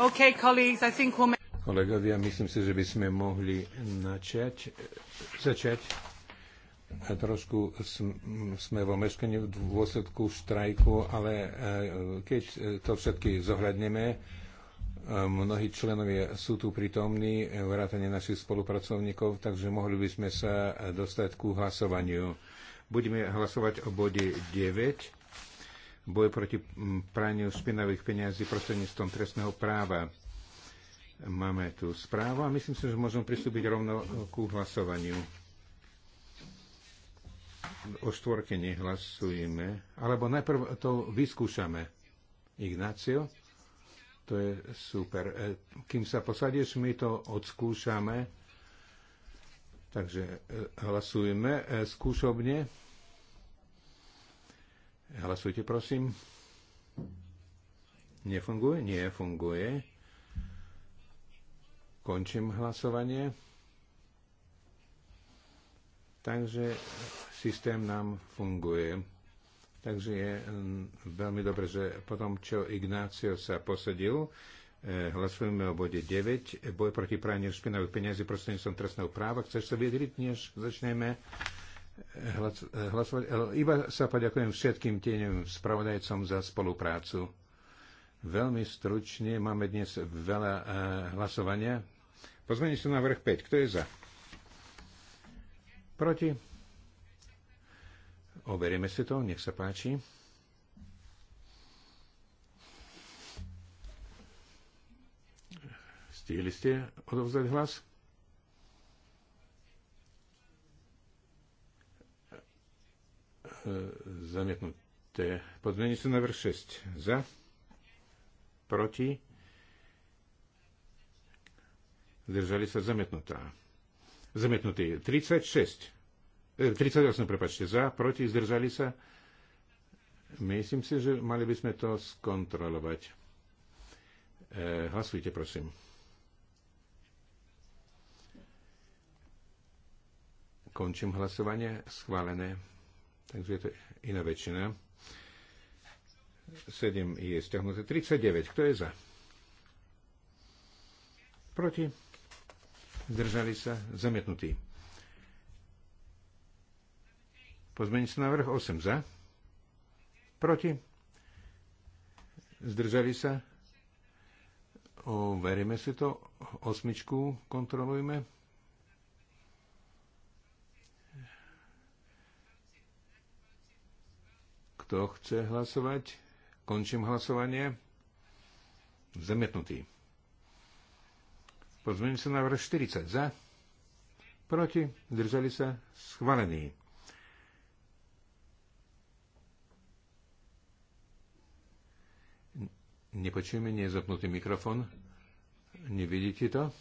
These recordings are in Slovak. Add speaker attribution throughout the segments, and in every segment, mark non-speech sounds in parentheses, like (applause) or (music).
Speaker 1: Okay, colleagues, I think we'll...
Speaker 2: Kolegovia, myslím si, že by sme mohli načať, začať. A trošku sme vo meškaní v dôsledku štrajku, ale e, keď e, to všetky zohľadneme, e, mnohí členovia sú tu prítomní, vrátane našich spolupracovníkov, takže mohli by sme sa dostať ku hlasovaniu. Budeme hlasovať o bode 9 boj proti praniu špinavých peniazí prostredníctvom trestného práva. Máme tu správu a myslím si, že môžem pristúpiť rovno ku hlasovaniu. O štvorke nehlasujeme, alebo najprv to vyskúšame. Ignácio, to je super. E, kým sa posadíš, my to odskúšame. Takže e, hlasujeme e, skúšobne. Hlasujte, prosím. Nefunguje? Nie, funguje. Končím hlasovanie. Takže systém nám funguje. Takže je mm, veľmi dobre, že potom, čo Ignácio sa posadil, eh, hlasujeme o bode 9, boj proti praniu špinavých peniazí prostredníctvom trestného práva. Chceš sa vyjadriť, než začneme? Eh, hlasovať. Eh, iba sa poďakujem všetkým tieňovým spravodajcom za spoluprácu. Veľmi stručne, máme dnes veľa eh, hlasovania. Pozmení sa vrch 5. Kto je za? Proti? Oberieme si to, nech sa páči. Stihli ste odovzdať hlas? E, zamietnuté. Podmienujúci návrh 6 za, proti, zdržali sa zamietnutá. Zamietnutý 36, 38, e, prepačte, za, proti, zdržali sa. Myslím si, že mali by sme to skontrolovať. E, hlasujte, prosím. Končím hlasovanie. Schválené. Takže je to iná väčšina. 7 je stiahnuté. 39. Kto je za? Proti? Zdržali sa? Zamietnutí. Pozmeniť sa návrh 8 za. Proti? Zdržali sa? Overíme si to. Osmičku kontrolujme. Kto chce hlasovať? Končím hlasovanie. Zamietnutý. Pozmením sa návrh 40. Za? Proti? Držali sa? Schválený. Nepočujeme, nie je zapnutý mikrofon. Nevidíte to?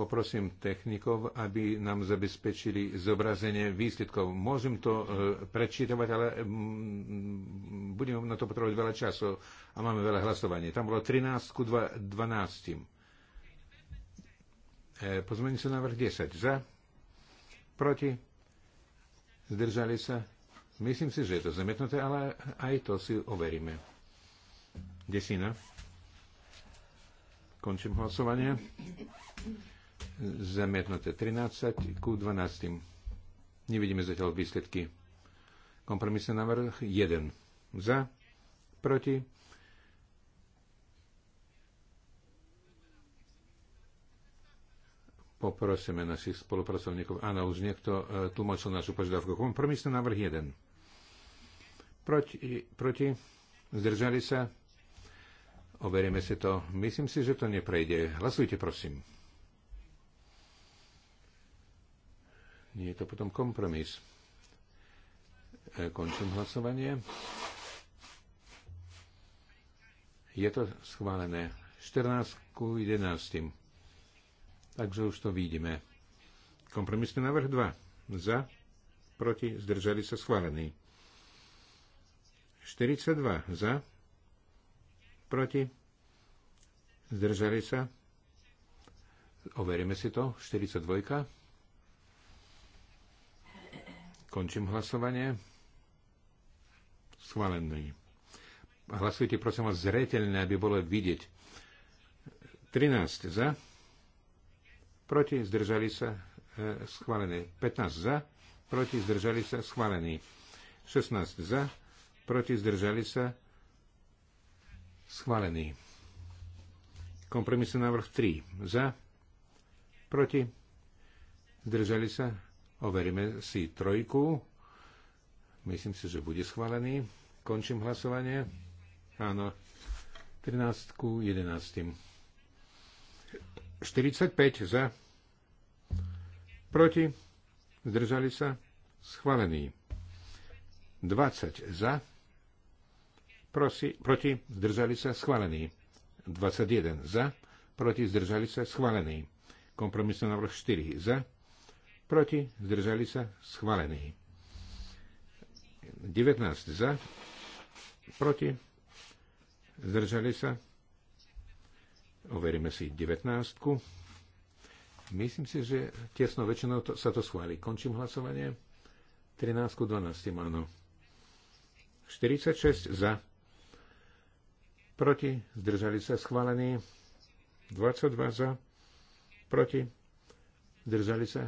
Speaker 2: Poprosím technikov, aby nám zabezpečili zobrazenie výsledkov. Môžem to e, prečítať, ale mm, budem na to potrebovať veľa času a máme veľa hlasovaní. Tam bolo 13 ku 12. E, Pozmení sa návrh 10. Za? Proti? Zdržali sa? Myslím si, že je to zametnuté, ale aj to si overíme. Desina. Končím hlasovanie. Zamietnuté 13 ku 12. Nevidíme zatiaľ výsledky. Kompromisný návrh 1. Za, proti. Poprosíme našich spolupracovníkov. Áno, už niekto e, tlmočil našu požiadavku. Kompromisný návrh 1. Proti, proti. Zdržali sa. Overíme si to. Myslím si, že to neprejde. Hlasujte, prosím. Je to potom kompromis. E, končím hlasovanie. Je to schválené 14 ku 11. Takže už to vidíme. Kompromisný návrh 2. Za, proti, zdržali sa schválený. 42 za, proti, zdržali sa. Overíme si to. 42. Končím hlasovanie. Schválený. Hlasujte prosím vás zreteľne, aby bolo vidieť. 13 za. Proti zdržali sa e, schválené. 15 za. Proti zdržali sa schválený. 16 za. Proti zdržali sa schválený. Kompromisný návrh 3 za. Proti zdržali sa Overíme si trojku. Myslím si, že bude schválený. Končím hlasovanie. Áno. 13 ku 11. 45 za. Proti. Zdržali sa. Schválený. 20 za. Prosi, proti. Zdržali sa. Schválený. 21 za. Proti. Zdržali sa. Schválený. Kompromisný návrh 4 za proti, zdržali sa, schválení. 19 za, proti, zdržali sa, overíme si 19. -ku. Myslím si, že tesnou väčšinou to, sa to schváli. Končím hlasovanie. 13 ku 12, áno. 46 za. Proti. Zdržali sa schválení. 22 za. Proti. Zdržali sa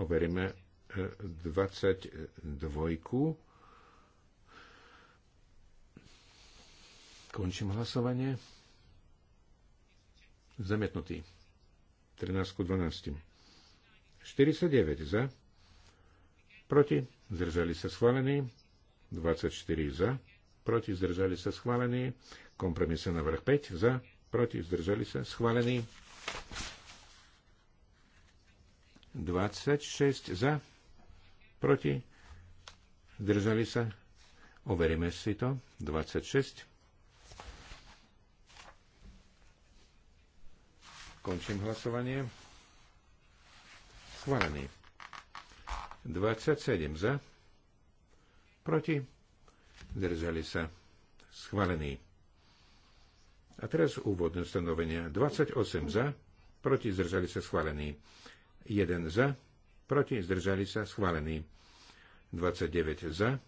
Speaker 2: overíme 22. E, Končím hlasovanie. Zamietnutý. 13 12. 49 za. Proti. Zdržali sa schválení. 24 za. Proti. Zdržali sa schválení. na návrh 5 za. Proti. Zdržali sa schválení. 26 za, proti, zdržali sa, overíme si to, 26. Končím hlasovanie. Schválený. 27 za, proti, zdržali sa, schválený. A teraz úvodné stanovenia. 28 za, proti, zdržali sa, schválený. 1 za, proti, zdržali sa, schválený. 29 za,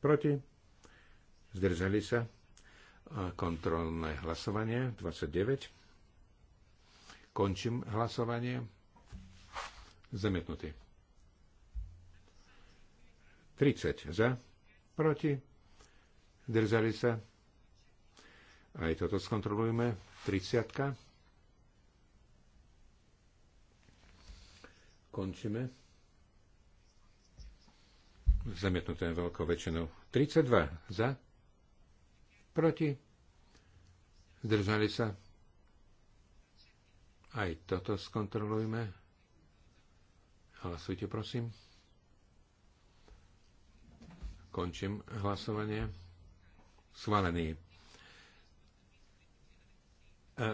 Speaker 2: proti, zdržali sa, kontrolné hlasovanie, 29. Končím hlasovanie. Zamietnutý. 30 za, proti, zdržali sa. Aj toto skontrolujeme. 30. Končíme. Zamietnuté veľkou väčšinou. 32 za. Proti. Zdržali sa. Aj toto skontrolujme. Hlasujte, prosím. Končím hlasovanie. Schválený. E,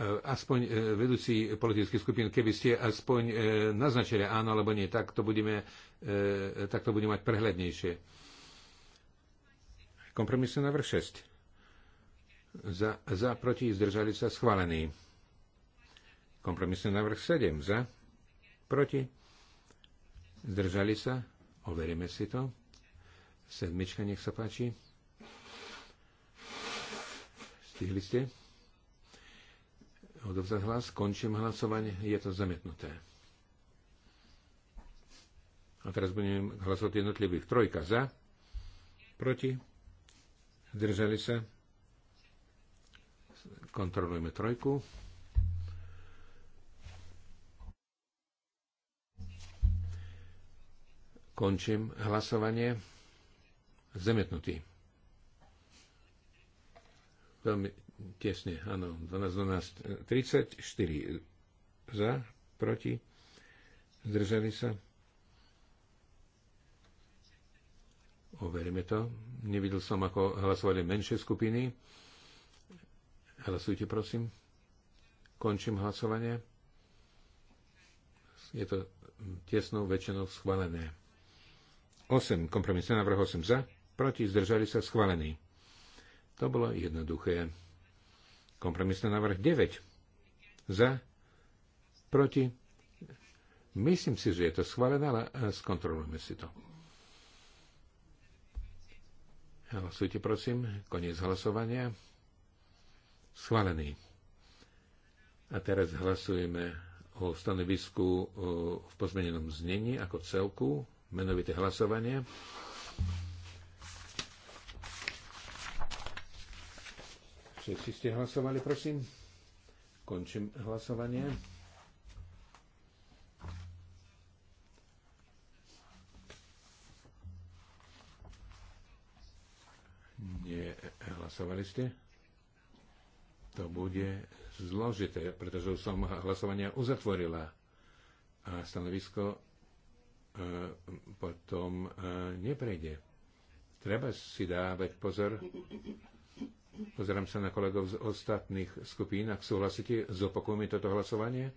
Speaker 2: E, aspoň e, vedúci politických skupín, keby ste aspoň e, naznačili áno alebo nie, tak to budeme, tak to budeme mať prehľadnejšie. Kompromisný návrh 6. Za, za, proti, zdržali sa, schválený. Kompromisný návrh 7. Za, proti, zdržali sa, overíme si to. Sedmička, nech sa páči. Stihli ste? odovzdať hlas. Končím hlasovanie. Je to zamietnuté. A teraz budem hlasovať jednotlivých. Trojka za, proti, zdržali sa. Kontrolujeme trojku. Končím hlasovanie. Zamietnutý. Veľmi tesne, áno. 12, 12, 34 za, proti, zdržali sa. Overíme to. Nevidel som, ako hlasovali menšie skupiny. Hlasujte, prosím. Končím hlasovanie. Je to tesnou väčšinou schválené. 8. Kompromisné návrh 8 za. Proti zdržali sa schválený. To bolo jednoduché. Kompromisný návrh 9. Za, proti. Myslím si, že je to schválené, ale eh, skontrolujme si to. Hlasujte, prosím. Koniec hlasovania. Schválený. A teraz hlasujeme o stanovisku eh, v pozmenenom znení ako celku, menovité hlasovanie. Všetci ste hlasovali, prosím. Končím hlasovanie. Nie, hlasovali ste? To bude zložité, pretože už som hlasovania uzatvorila a stanovisko e, potom e, neprejde. Treba si dávať pozor Pozerám sa na kolegov z ostatných skupín. Ak súhlasíte, zopakujme toto hlasovanie.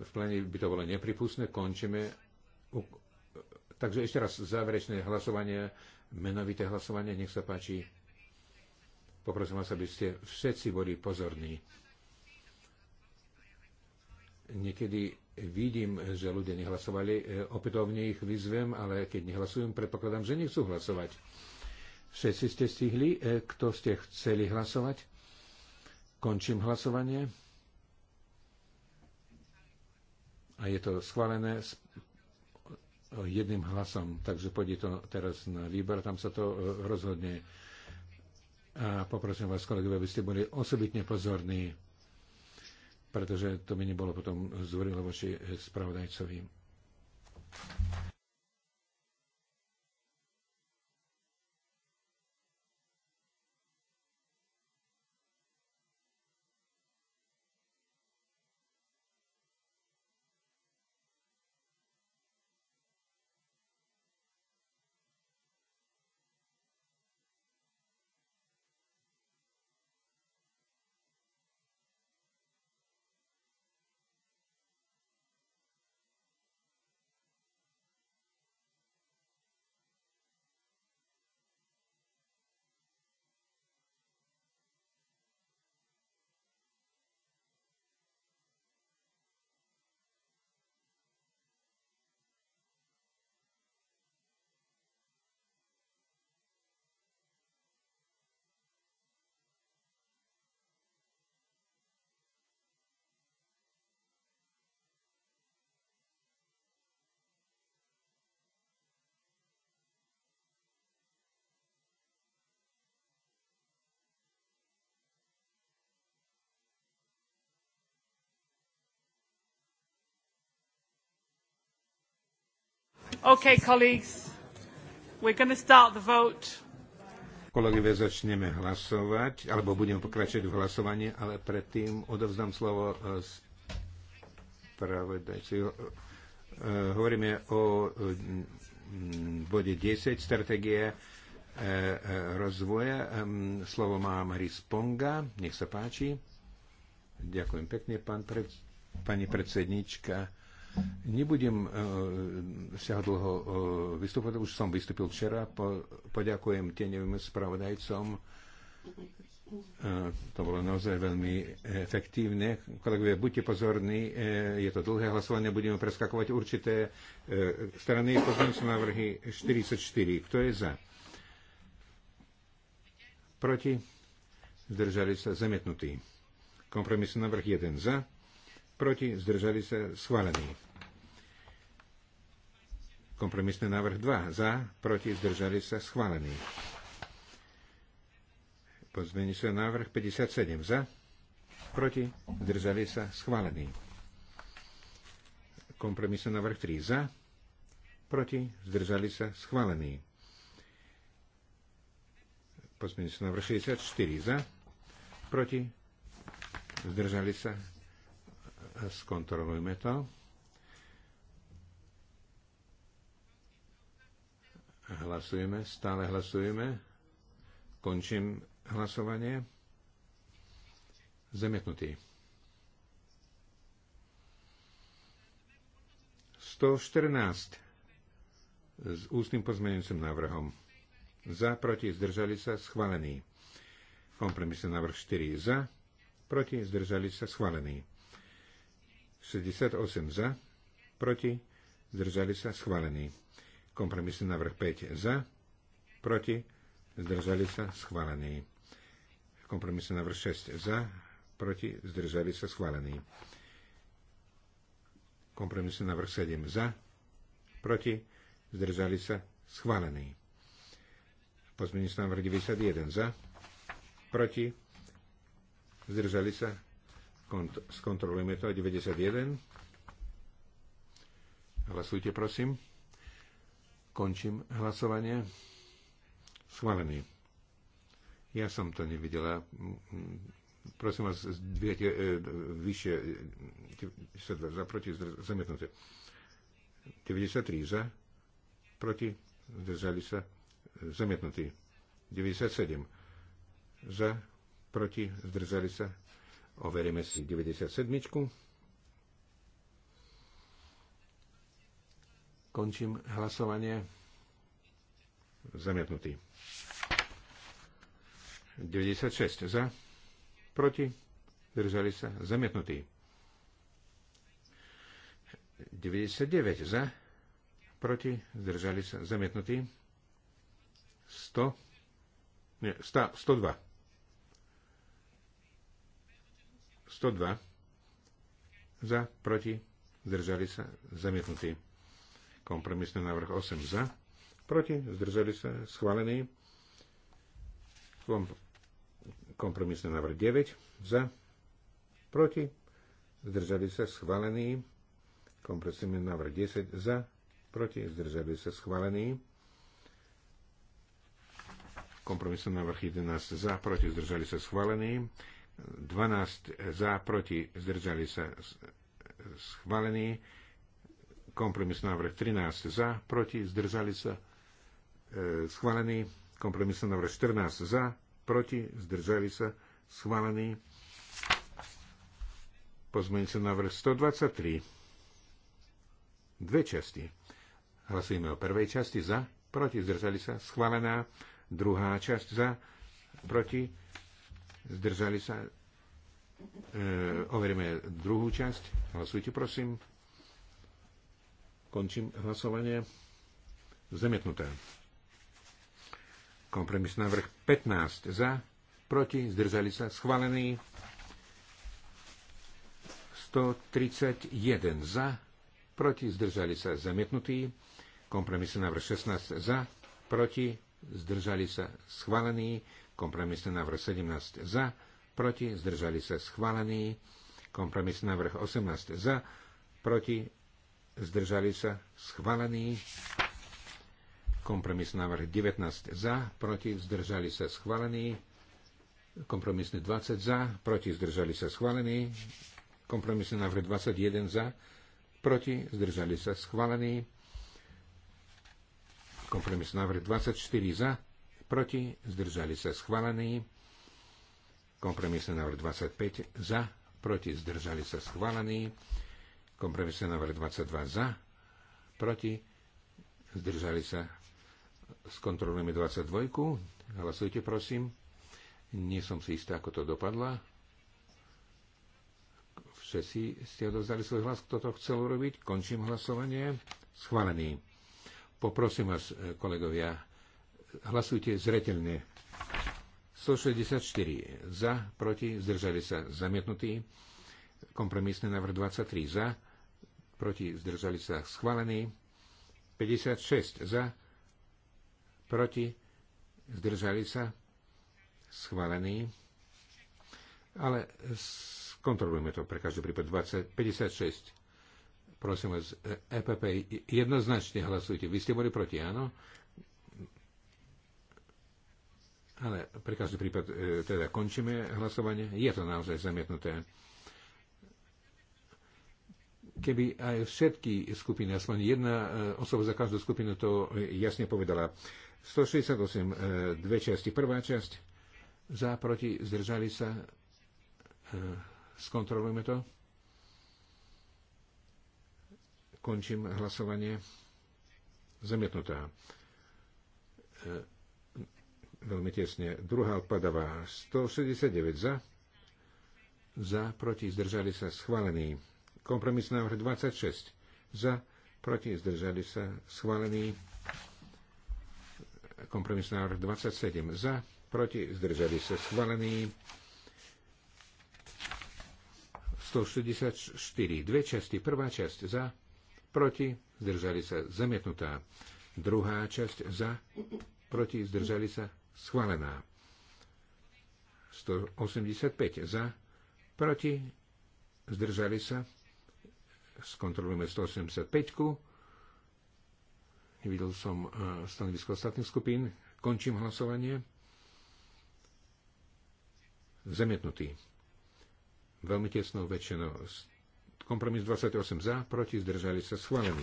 Speaker 2: V plene by to bolo nepripustné. Končíme. Takže ešte raz záverečné hlasovanie, menovité hlasovanie. Nech sa páči. Poprosím vás, aby ste všetci boli pozorní. Niekedy vidím, že ľudia nehlasovali. E, opätovne ich vyzvem, ale keď nehlasujem, predpokladám, že nechcú hlasovať. Všetci ste stihli, e, kto ste chceli hlasovať. Končím hlasovanie. A je to schválené s jedným hlasom, takže pôjde to teraz na výber, tam sa to e, rozhodne. A poprosím vás, kolegovia, aby ste boli osobitne pozorní, pretože to mi nebolo potom zvorilo voči spravodajcovi.
Speaker 3: Okay, colleagues, we're going to start the vote.
Speaker 2: Kolegovia, začneme hlasovať, alebo budeme pokračovať v hlasovaní, ale predtým odovzdám slovo z e, spravodajci. E, hovoríme o bode 10, stratégie e, rozvoja. Slovo má Maris Ponga, nech sa páči. Ďakujem pekne, pán pred, pani predsednička Nebudem e, sa dlho e, vystupovať, už som vystúpil včera. Po, poďakujem tieňovým spravodajcom. E, to bolo naozaj veľmi efektívne. Kolegovia, buďte pozorní, je to dlhé hlasovanie, budeme preskakovať určité strany. Pozorím sa návrhy 44. Kto je za? Proti? Zdržali sa zamietnutí. Kompromisný návrh 1 za. Proti? Zdržali sa schválený. Kompromisný návrh 2. Za, proti, zdržali sa, schválený. Pozmení sa návrh 57. Za, proti, zdržali sa, schválený. Kompromisný návrh 3. Za, proti, zdržali sa, schválený. Pozmení sa návrh 64. Za, proti, zdržali sa, skontrolujme to. Hlasujeme, stále hlasujeme. Končím hlasovanie. Zamietnutý. 114 s ústnym pozmeňujúcim návrhom. Za, proti, zdržali sa, schválený. Kompromisný návrh 4 za, proti, zdržali sa, schválený. 68 za, proti, zdržali sa, schválený. Kompromisný návrh 5 za, proti, zdržali sa, schválený. Kompromisný návrh 6 za, proti, zdržali sa, schválený. Kompromisný návrh 7 za, proti, zdržali sa, schválený. sa návrh 91 za, proti, zdržali sa, kont- skontrolujeme to, 91. Hlasujte, prosím. Končím hlasovanie. Schválený. Ja som to nevidela. Prosím vás, zdvíjate e, vyššie. E, za proti zamietnuté. 93 za. Proti. Zdržali sa. zamietnutý. 97 za. Proti. Zdržali sa. Overíme si 97. Končím hlasovanie. Zamietnutý. 96 za. Proti. Zdržali sa. Zamietnutý. 99 za. Proti. Zdržali sa. Zamietnutý. 100. Nie, 100, 102. 102. Za. Proti. Zdržali sa. Zamietnutý. Kompromisný návrh 8 za. Proti. Zdržali sa. Schválený. Kompromisný návrh 9 za. Proti. Zdržali sa. Schválený. Kompromisný návrh 10 za. Proti. Zdržali sa. Schválený. Kompromisný návrh 11 za. Proti. Zdržali sa. Schválený. 12 za. Proti. Zdržali sa. Schválený. Kompromis návrh 13 za, proti, zdržali sa. E, schválený. Kompromis návrh 14 za, proti, zdržali sa. Schválený. Pozmeňujúci návrh 123. Dve časti. Hlasujeme o prvej časti za, proti, zdržali sa. Schválená. Druhá časť za, proti, zdržali sa. E, overíme druhú časť. Hlasujte, prosím. Končím hlasovanie. Zamietnuté. Kompromis návrh 15 za, proti, zdržali sa, schválený. 131 za, proti, zdržali sa, zamietnutý. kompromis návrh 16 za, proti, zdržali sa, schválený. kompromis návrh 17 za, proti, zdržali sa, schválený. kompromis návrh 18 za, proti, zdržali sa, schválený. Kompromis návrh 19 za, proti, zdržali sa, schválený. Kompromisný 20 za, proti, zdržali sa, schválený. Kompromisný návrh 21 za, proti, zdržali sa, schválený. kompromis návrh 24 za, proti, zdržali sa, schválený. Kompromisný návrh 25 za, proti, zdržali sa, schválený. Kompromisný návrh 22 za, proti, zdržali sa. Skontrolujeme 22. Hlasujte, prosím. Nie som si istá, ako to dopadla. Všetci ste odovzdali svoj hlas, kto to chcel urobiť. Končím hlasovanie. Schválený. Poprosím vás, eh, kolegovia, hlasujte zretelne. 164 za, proti, zdržali sa zamietnutí. Kompromisný návrh 23 za, proti, zdržali sa schválení, 56 za, proti, zdržali sa schválení, ale skontrolujme to pre každý prípad 20, 56. Prosím vás, EPP, e jednoznačne hlasujte. Vy ste boli proti, áno? Ale pre každý prípad e, teda končíme hlasovanie. Je to naozaj zamietnuté keby aj všetky skupiny, aspoň jedna e, osoba za každú skupinu to jasne povedala. 168, e, dve časti. Prvá časť, za, proti, zdržali sa. E, skontrolujme to. Končím hlasovanie. Zamietnutá. Veľmi tesne. Druhá odpadavá. 169 za. Za, proti, zdržali sa. Schválený. Kompromis návrh 26. Za, proti, zdržali sa. Schválený kompromis návrh 27. Za, proti, zdržali sa. Schválený 164. Dve časti. Prvá časť za, proti, zdržali sa. Zamietnutá. Druhá časť za, proti, zdržali sa. Schválená. 185 za, proti, zdržali sa Skontrolujeme 185. Nevidel som e, stanovisko ostatných skupín. Končím hlasovanie. Zemietnutý. Veľmi tesnou väčšinou. Kompromis 28 za, proti, zdržali sa schválení.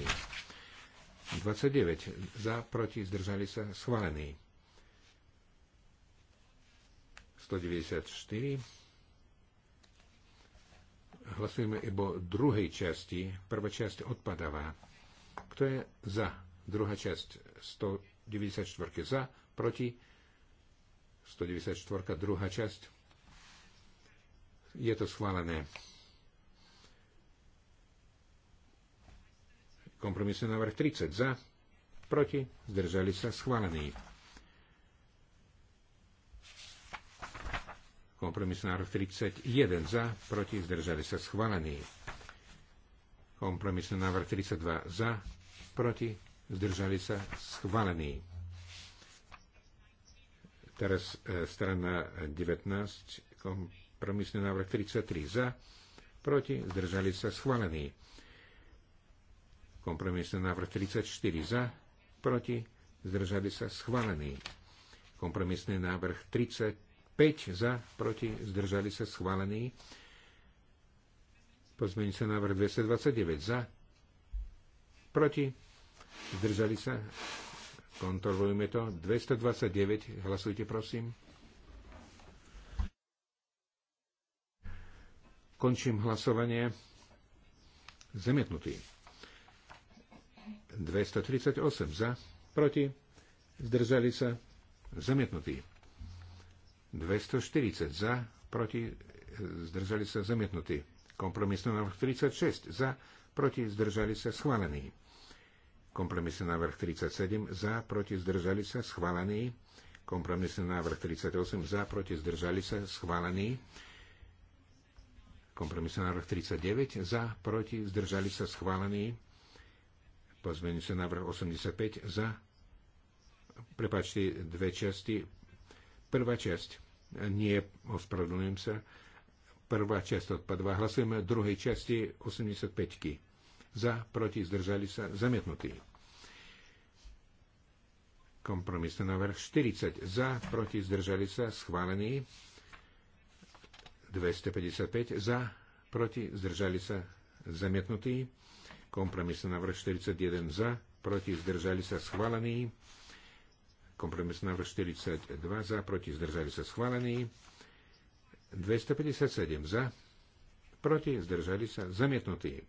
Speaker 2: 29 za, proti, zdržali sa schválení. 194 Hlasujeme iba druhej časti. Prvá časť odpadáva. Kto je za? Druhá časť 194 za, proti 194, druhá časť. Je to schválené. Kompromisný návrh 30 za, proti, zdržali sa schválený. Kompromisný návrh 31 za, proti, zdržali sa schválený. Kompromisný návrh 32 za, proti, zdržali sa schválení. Teraz e, strana 19, kompromisný návrh 33 za, proti, zdržali sa schválení. Kompromisný návrh 34 za, proti, zdržali sa schválený. Kompromisný návrh 35 5 za, proti, zdržali sa schválení. Pozmení sa návrh 229 za, proti, zdržali sa. Kontrolujme to. 229, hlasujte prosím. Končím hlasovanie. Zemietnutý. 238 za, proti, zdržali sa. Zamietnutý. 240 za, proti, zdržali sa zamietnutí. Kompromisný návrh 36 za, proti, zdržali sa schválený. Kompromisný návrh 37 za, proti, zdržali sa schválený. Kompromisný návrh 38 za, proti, zdržali sa schválený. Kompromisný návrh 39 za, proti, zdržali sa schválený. sa návrh 85 za. Prepačte, dve časti Prvá časť. Nie, ospravedlňujem sa. Prvá časť odpadva. Hlasujeme v druhej časti 85-ky. Za, proti, zdržali sa, zamietnutí. Kompromisný návrh 40. Za, proti, zdržali sa, schválený. 255. Za, proti, zdržali sa, zamietnutí. Kompromisný návrh 41. Za, proti, zdržali sa, schválený. Kompromis návrh 42 za, proti zdržali sa schválení. 257 za, proti zdržali sa zamietnutí.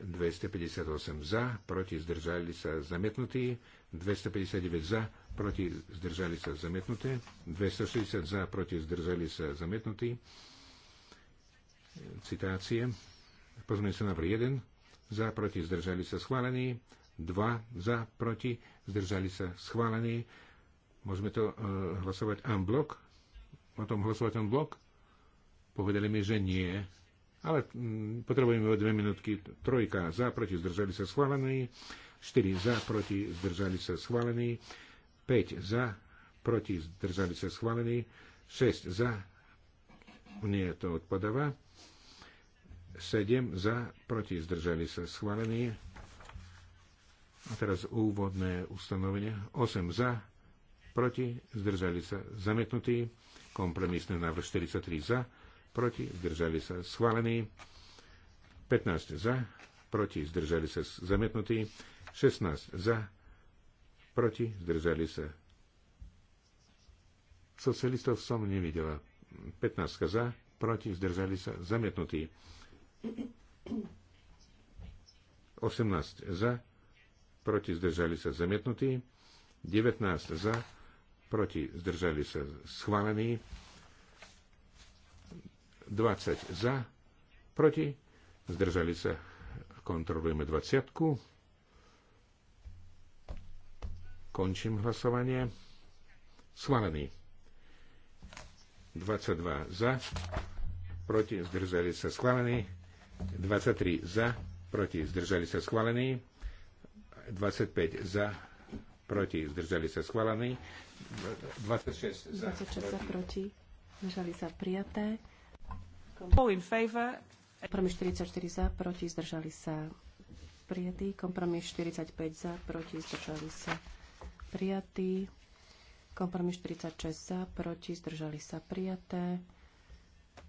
Speaker 2: 258 za, proti zdržali sa zamietnutí. 259 za, proti zdržali sa zamietnuté. 260 za, proti zdržali sa zamietnutí. Citácie. pozmeň sa návrh 1. Za, proti zdržali sa schválení. 2 za, proti, zdržali sa schválení. Môžeme to e, hlasovať en blok? O tom hlasovať en blok? Povedali mi, že nie. Ale m, mm, potrebujeme o dve minútky. Trojka za, proti, zdržali sa schválení. 4 za, proti, zdržali sa schválení. 5 za, proti, zdržali sa schválení. 6 za, nie, to odpadáva. 7 za, proti, zdržali sa schválení. A teraz úvodné ustanovenie. 8 za, proti, zdržali sa zamietnutí. Kompromisný návrh 43 za, proti, zdržali sa schválený. 15 za, proti, zdržali sa zamietnutí. 16 za, proti, zdržali sa. Socialistov som nevidela. 15 za, proti, zdržali sa zamietnutí. 18 za, proti zdržali sa zamietnutí, 19 za, proti zdržali sa schválení, 20 za, proti zdržali sa, kontrolujeme 20. -ku. Končím hlasovanie. Schválený. 22 za, proti zdržali sa schválený. 23 za, proti zdržali sa schválení, 25 za, proti, zdržali sa schválení. 26 za, 26 za
Speaker 3: proti, zdržali sa prijaté. All in favor. Kompromis 44 za, proti, zdržali sa prijatý. Kompromis 45 za, proti, zdržali sa prijatý. Kompromis 46 za, proti, zdržali sa prijaté.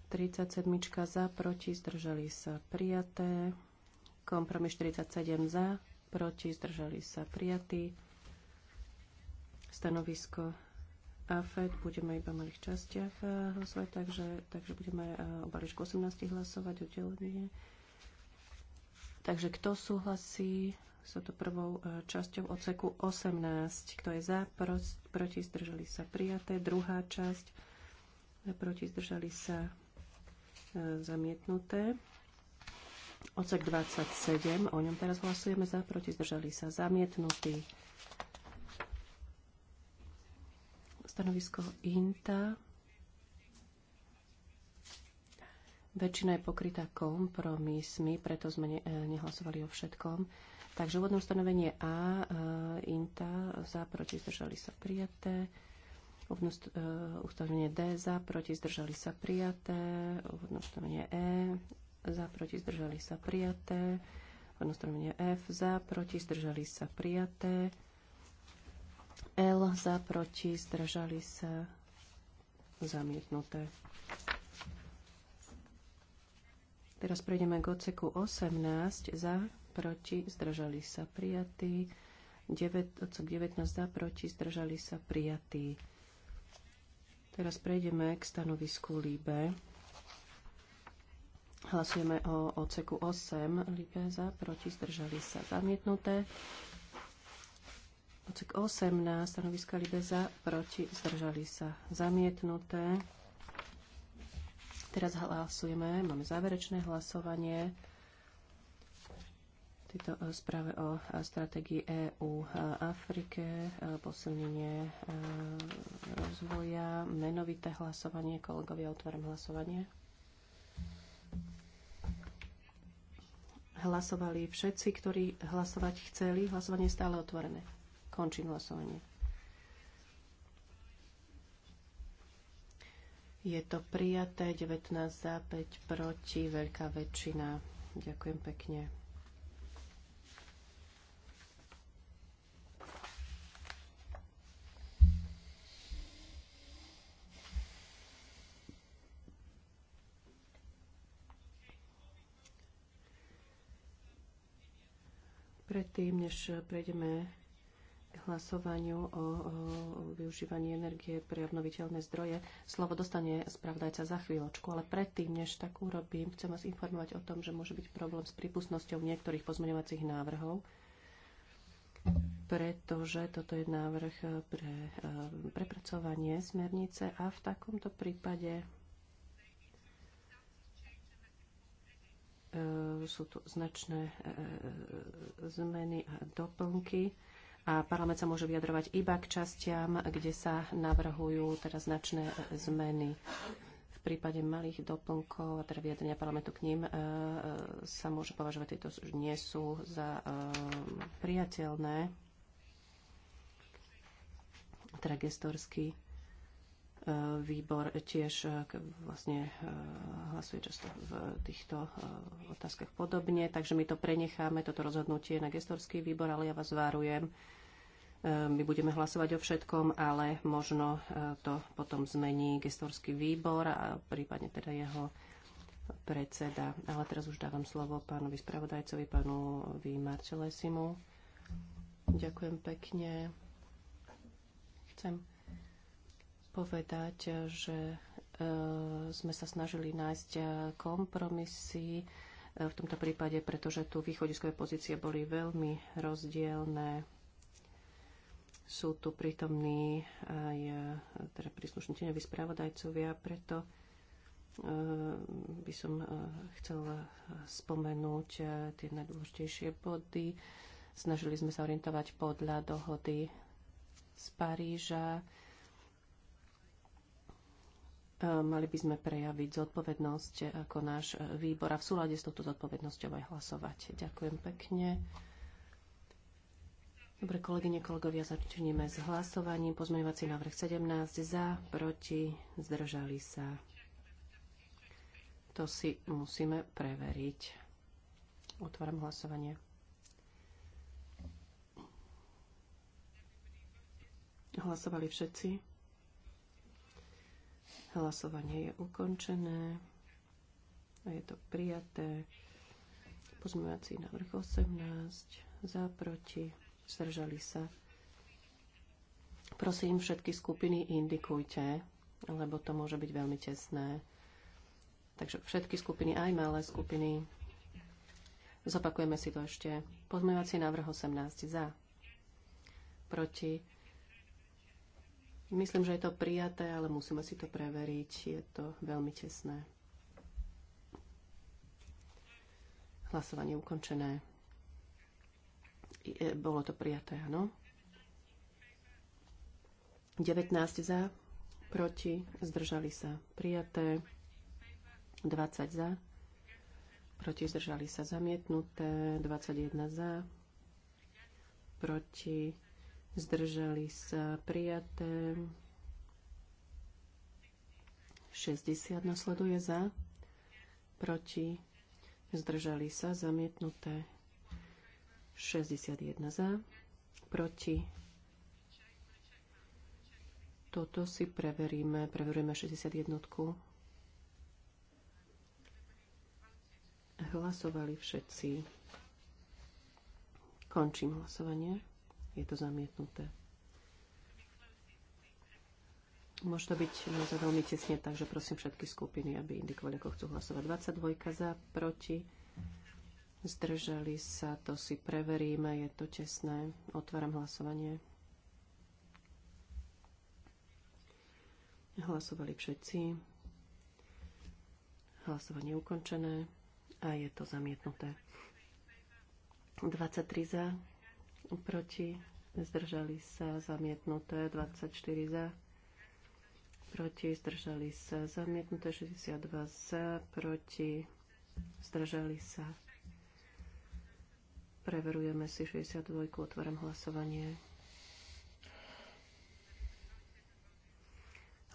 Speaker 3: 37 za, proti, zdržali sa prijaté. Kompromis 47 za, proti, zdržali sa prijatí. Stanovisko AFED budeme iba v malých častiach eh, hlasovať, takže, takže budeme o balíčku 18 hlasovať oddelenie. Takže kto súhlasí s to prvou eh, časťou odseku 18? Kto je za, proti, zdržali sa prijaté. Druhá časť, proti, zdržali sa eh, zamietnuté. Odsek 27, o ňom teraz hlasujeme za, proti, zdržali sa, zamietnutý. Stanovisko INTA. Väčšina je pokrytá kompromismi, preto sme ne, e, nehlasovali o všetkom. Takže úvodné ustanovenie A, e, INTA, za, proti, zdržali sa, prijaté. Úvodné e, ustanovenie D, za, proti, zdržali sa, prijaté. Úvodné ustanovenie E, za, proti, zdržali sa prijaté. Odnostromenie F za, proti, zdržali sa prijaté. L za, proti, zdržali sa zamietnuté. Teraz prejdeme k oceku 18 za, proti, zdržali sa prijatí. 9, 19 za, proti, zdržali sa prijatí. Teraz prejdeme k stanovisku Líbe. Hlasujeme o odseku 8. Libe za, proti, zdržali sa zamietnuté. Odsek na Stanoviska Libe za, proti, zdržali sa zamietnuté. Teraz hlasujeme, máme záverečné hlasovanie tieto e, správe o e, stratégii EÚ e, Afrike, posilnenie rozvoja, menovité hlasovanie. Kolegovia, otváram hlasovanie. Hlasovali všetci, ktorí hlasovať chceli. Hlasovanie je stále otvorené. Končím hlasovanie. Je to prijaté 19 za 5 proti, veľká väčšina. Ďakujem pekne. Predtým, než prejdeme k hlasovaniu o, o, využívaní energie pre obnoviteľné zdroje, slovo dostane spravdajca za chvíľočku, ale predtým, než tak urobím, chcem vás informovať o tom, že môže byť problém s prípustnosťou niektorých pozmeňovacích návrhov, pretože toto je návrh pre eh, prepracovanie smernice a v takomto prípade E, sú tu značné e, e, zmeny a doplnky a parlament sa môže vyjadrovať iba k častiam, kde sa navrhujú teda značné zmeny. V prípade malých doplnkov a teda vyjadrenia parlamentu k ním sa môže považovať, že tieto nie sú za priateľné. Teda gestorsky. E, výbor tiež e, vlastne e, hlasuje často v týchto otázkach podobne, takže my to prenecháme, toto rozhodnutie na gestorský výbor, ale ja vás várujem. my budeme hlasovať o všetkom, ale možno to potom zmení gestorský výbor a prípadne teda jeho predseda. Ale teraz už dávam slovo pánovi spravodajcovi, pánu Vy Marčelesimu. Ďakujem pekne. Chcem povedať, že e, sme sa snažili nájsť e, kompromisy e, v tomto prípade, pretože tu východiskové pozície boli veľmi rozdielne. Sú tu prítomní aj teda príslušní tieňoví správodajcovia, preto by som chcela spomenúť tie najdôležitejšie body. Snažili sme sa orientovať podľa dohody z Paríža Mali by sme prejaviť zodpovednosť ako náš výbor a v súlade s touto zodpovednosťou aj hlasovať. Ďakujem pekne. Dobre, kolegyne, kolegovia, začneme s hlasovaním. Pozmeňovací návrh 17 za, proti, zdržali sa. To si musíme preveriť. Otváram hlasovanie. Hlasovali všetci? Hlasovanie je ukončené a je to prijaté. Pozmeňovací návrh 18 za, proti, zdržali sa. Prosím, všetky skupiny indikujte, lebo to môže byť veľmi tesné. Takže všetky skupiny, aj malé skupiny. Zopakujeme si to ešte. Pozmeňovací návrh 18 za, proti, Myslím, že je to prijaté, ale musíme si to preveriť. Je to veľmi tesné. Hlasovanie ukončené. Je, bolo to prijaté, áno. 19 za, proti, zdržali sa. Prijaté. 20 za, proti, zdržali sa. Zamietnuté. 21 za, proti, zdržali sa prijaté. 60 nasleduje za, proti, zdržali sa zamietnuté. 61 za, proti. Toto si preveríme. Preverujeme 61. Hlasovali všetci. Končím hlasovanie je to zamietnuté. Môže to byť naozaj veľmi tesne, takže prosím všetky skupiny, aby indikovali, ako chcú hlasovať. 22 za, proti, zdržali sa, to si preveríme, je to tesné. Otváram hlasovanie. Hlasovali všetci. Hlasovanie ukončené a je to zamietnuté. 23 za, proti, zdržali sa zamietnuté 24 za, proti, zdržali sa zamietnuté 62 za, proti, zdržali sa. Preverujeme si 62, otvorím hlasovanie.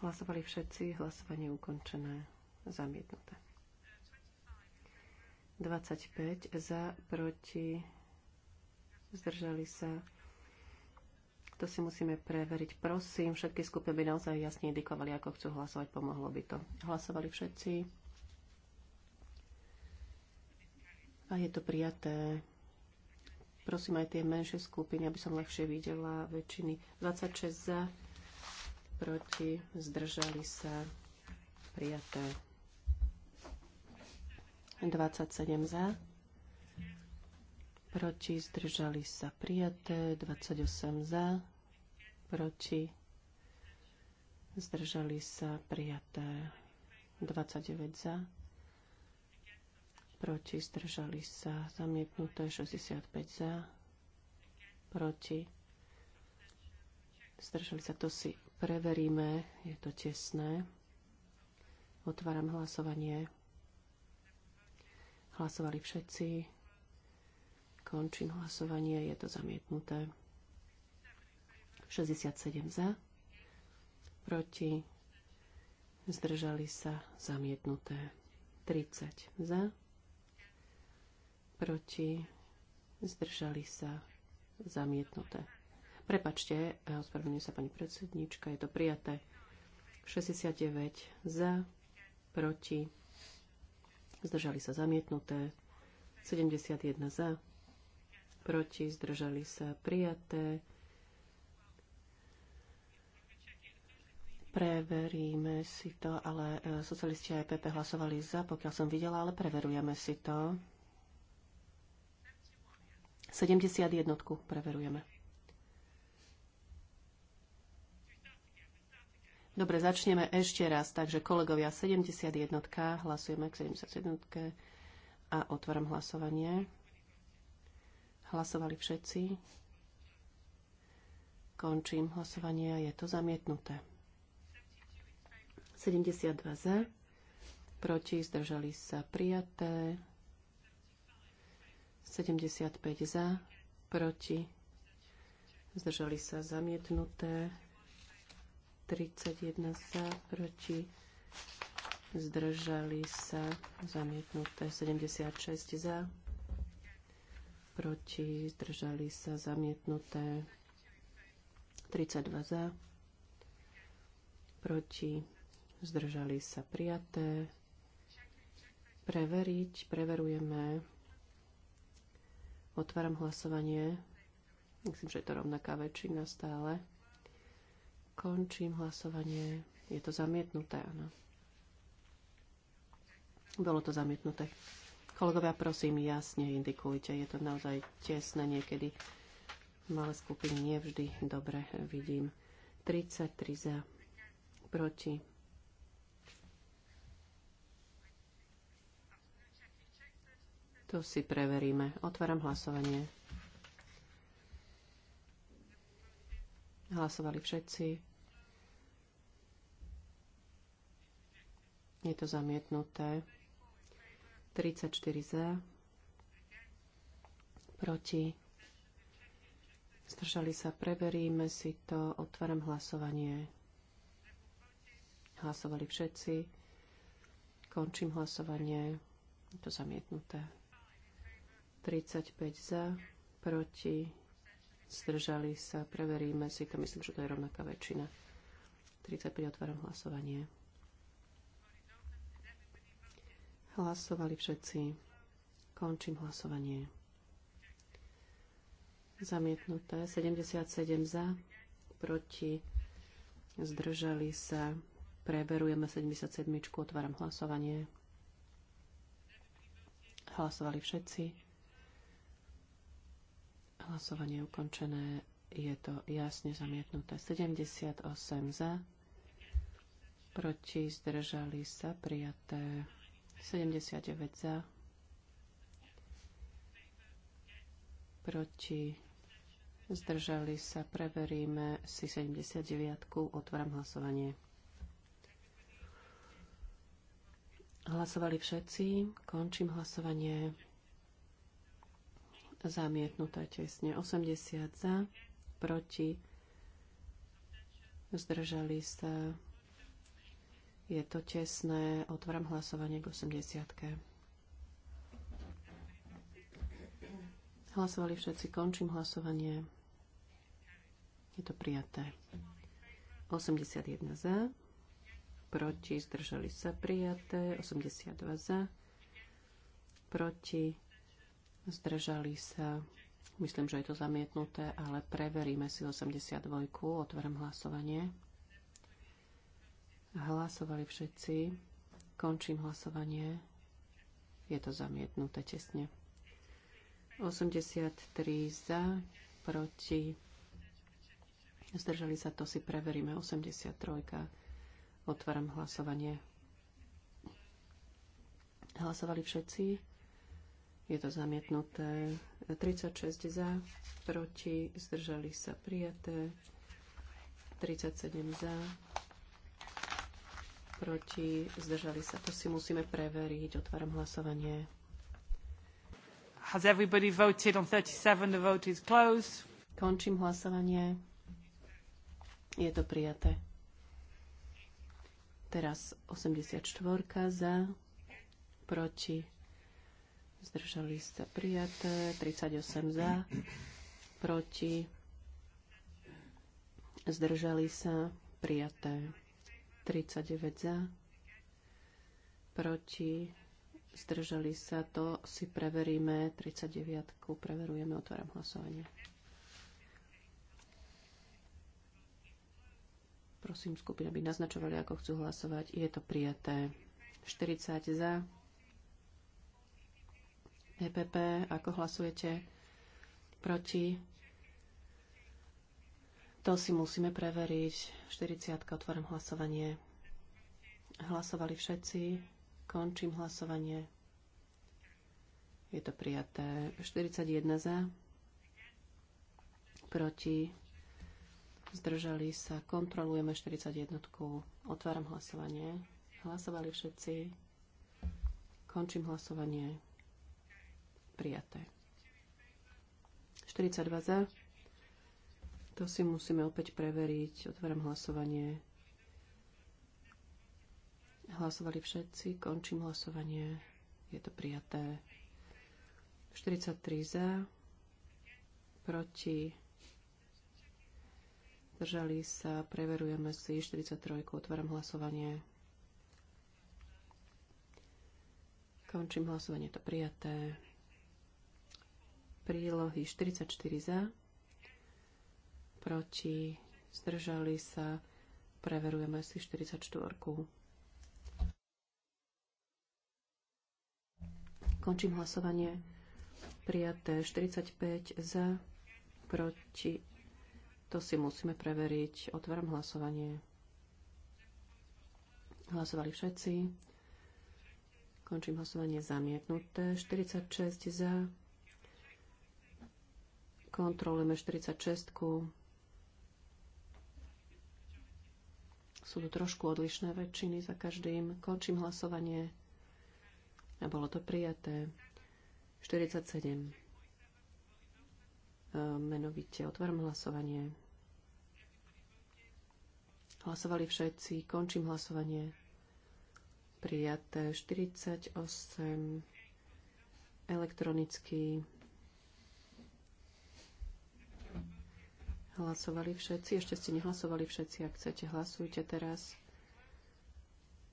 Speaker 3: Hlasovali všetci, hlasovanie ukončené, zamietnuté. 25 za, proti, zdržali sa. To si musíme preveriť. Prosím, všetky skupiny by naozaj jasne indikovali, ako chcú hlasovať. Pomohlo by to. Hlasovali všetci. A je to prijaté. Prosím aj tie menšie skupiny, aby som ľahšie videla väčšiny. 26 za, proti, zdržali sa, prijaté. 27 za proti, zdržali sa prijaté, 28 za, proti, zdržali sa prijaté, 29 za, proti, zdržali sa zamietnuté, 65 za, proti, zdržali sa, to si preveríme, je to tesné. Otváram hlasovanie. Hlasovali všetci. Končím hlasovanie, je to zamietnuté. 67 za, proti, zdržali sa, zamietnuté. 30 za, proti, zdržali sa, zamietnuté. Prepačte, ospravedlňujem sa pani predsednička, je to prijaté. 69 za, proti, zdržali sa, zamietnuté. 71 za, proti, zdržali sa prijaté. Preveríme si to, ale e, socialisti aj e PP hlasovali za, pokiaľ som videla, ale preverujeme si to. 71 preverujeme. Dobre, začneme ešte raz. Takže kolegovia, 71 hlasujeme k 71 a otváram hlasovanie. Hlasovali všetci. Končím hlasovanie a je to zamietnuté. 72 za, proti zdržali sa prijaté. 75 za, proti zdržali sa zamietnuté. 31 za, proti zdržali sa zamietnuté. 76 za, proti, zdržali sa zamietnuté 32 za, proti, zdržali sa prijaté. Preveriť, preverujeme. Otváram hlasovanie. Myslím, že je to rovnaká väčšina stále. Končím hlasovanie. Je to zamietnuté, áno. Bolo to zamietnuté. Kolegovia, prosím, jasne indikujte. Je to naozaj tesné niekedy. Malé skupiny nevždy dobre vidím. 33 za, proti. To si preveríme. Otváram hlasovanie. Hlasovali všetci. Je to zamietnuté. 34 za, proti, zdržali sa, preveríme si to, otváram hlasovanie. Hlasovali všetci, končím hlasovanie, je to zamietnuté. 35 za, proti, zdržali sa, preveríme si to, myslím, že to je rovnaká väčšina. 35 otváram hlasovanie. Hlasovali všetci. Končím hlasovanie. Zamietnuté. 77 za, proti, zdržali sa. preberujeme 77. Otváram hlasovanie. Hlasovali všetci. Hlasovanie ukončené. Je to jasne zamietnuté. 78 za, proti, zdržali sa, prijaté. 79 za, proti, zdržali sa, preveríme si 79, otváram hlasovanie. Hlasovali všetci, končím hlasovanie. Zamietnuté tesne 80 za, proti, zdržali sa, je to tesné. Otváram hlasovanie k 80. Hlasovali všetci. Končím hlasovanie. Je to prijaté. 81 za. Proti. Zdržali sa. Prijaté. 82 za. Proti. Zdržali sa. Myslím, že je to zamietnuté, ale preveríme si 82. Otváram hlasovanie. Hlasovali všetci. Končím hlasovanie. Je to zamietnuté tesne. 83 za, proti. Zdržali sa, to si preveríme. 83. Otváram hlasovanie. Hlasovali všetci. Je to zamietnuté. 36 za, proti. Zdržali sa, prijaté. 37 za, proti, zdržali sa. To si musíme preveriť. Otváram hlasovanie. Has everybody voted on 37? The vote is closed. Končím hlasovanie. Je to prijaté. Teraz 84 za, proti, zdržali sa prijaté, 38 za, proti, zdržali sa prijaté. 39 za, proti, zdržali sa, to si preveríme, 39 preverujeme, otváram hlasovanie. Prosím skupina, aby naznačovali, ako chcú hlasovať. Je to prijaté. 40 za. EPP, ako hlasujete? Proti? To si musíme preveriť. 40. Otváram hlasovanie. Hlasovali všetci. Končím hlasovanie. Je to prijaté. 41 za. Proti. Zdržali sa. Kontrolujeme 41. Otváram hlasovanie. Hlasovali všetci. Končím hlasovanie. Prijaté. 42 za to si musíme opäť preveriť. Otváram hlasovanie. Hlasovali všetci. Končím hlasovanie. Je to prijaté. 43 za. Proti. Držali sa. Preverujeme si. 43. Otváram hlasovanie. Končím hlasovanie. Je to prijaté. Prílohy 44 za proti, zdržali sa, preverujeme si 44. Končím hlasovanie. Prijaté 45 za, proti. To si musíme preveriť. Otváram hlasovanie. Hlasovali všetci. Končím hlasovanie zamietnuté. 46 za. Kontrolujeme 46. Sú tu trošku odlišné väčšiny za každým. Končím hlasovanie. A bolo to prijaté. 47. E, menovite otváram hlasovanie. Hlasovali všetci. Končím hlasovanie. Prijaté 48. Elektronicky Hlasovali všetci? Ešte ste nehlasovali všetci. Ak chcete, hlasujte teraz.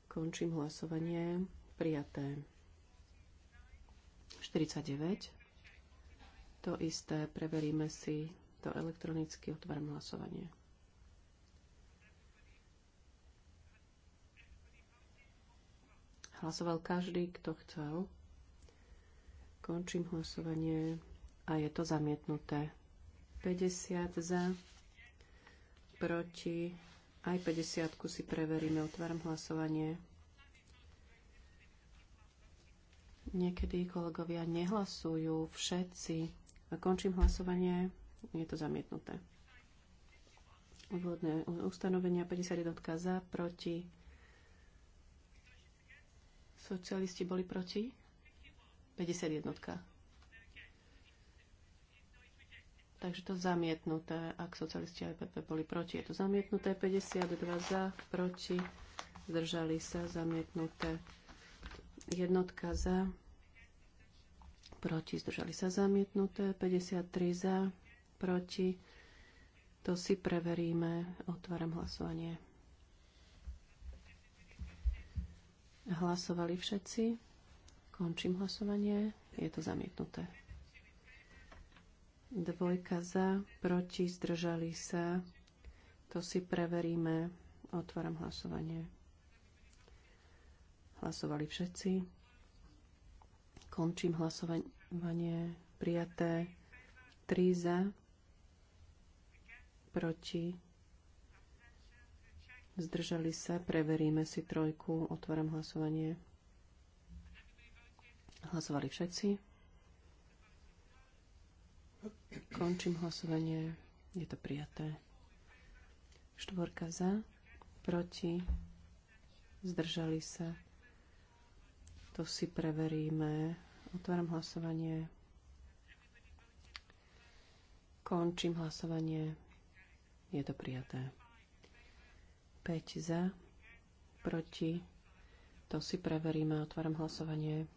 Speaker 3: Končím hlasovanie. Prijaté. 49. To isté. Preveríme si to elektronicky. Otváram hlasovanie. Hlasoval každý, kto chcel. Končím hlasovanie a je to zamietnuté. 50 za, proti, aj 50 si preveríme. Otváram hlasovanie. Niekedy kolegovia nehlasujú všetci. Končím hlasovanie. Je to zamietnuté. Úvodné ustanovenia 51 za, proti. Socialisti boli proti? 51. Takže to zamietnuté, ak socialisti a EPP boli proti, je to zamietnuté. 52 za, proti, zdržali sa, zamietnuté. Jednotka za, proti, zdržali sa, zamietnuté. 53 za, proti. To si preveríme. Otváram hlasovanie. Hlasovali všetci. Končím hlasovanie. Je to zamietnuté. Dvojka za, proti, zdržali sa. To si preveríme. Otváram hlasovanie. Hlasovali všetci. Končím hlasovanie. Prijaté. 3 za, proti, zdržali sa. Preveríme si trojku. Otváram hlasovanie. Hlasovali všetci. Končím hlasovanie. Je to prijaté. Štvorka za, proti, zdržali sa. To si preveríme. Otváram hlasovanie. Končím hlasovanie. Je to prijaté. 5 za, proti. To si preveríme. Otváram hlasovanie.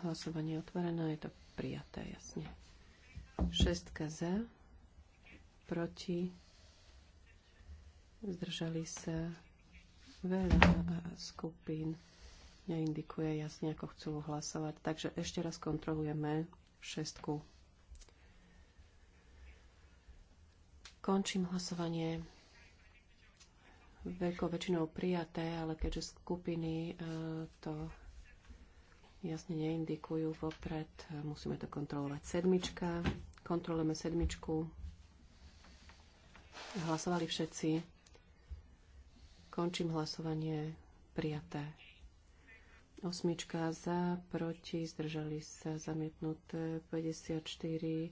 Speaker 3: Hlasovanie je otvorené, je to prijaté, jasne. Šestka za, proti, zdržali sa veľa skupín neindikuje jasne, ako chcú hlasovať. Takže ešte raz kontrolujeme šestku. Končím hlasovanie veľkou väčšinou prijaté, ale keďže skupiny e, to jasne neindikujú vopred. Musíme to kontrolovať. Sedmička. Kontrolujeme sedmičku. Hlasovali všetci. Končím hlasovanie. Prijaté. Osmička za, proti, zdržali sa, zamietnuté 54, e,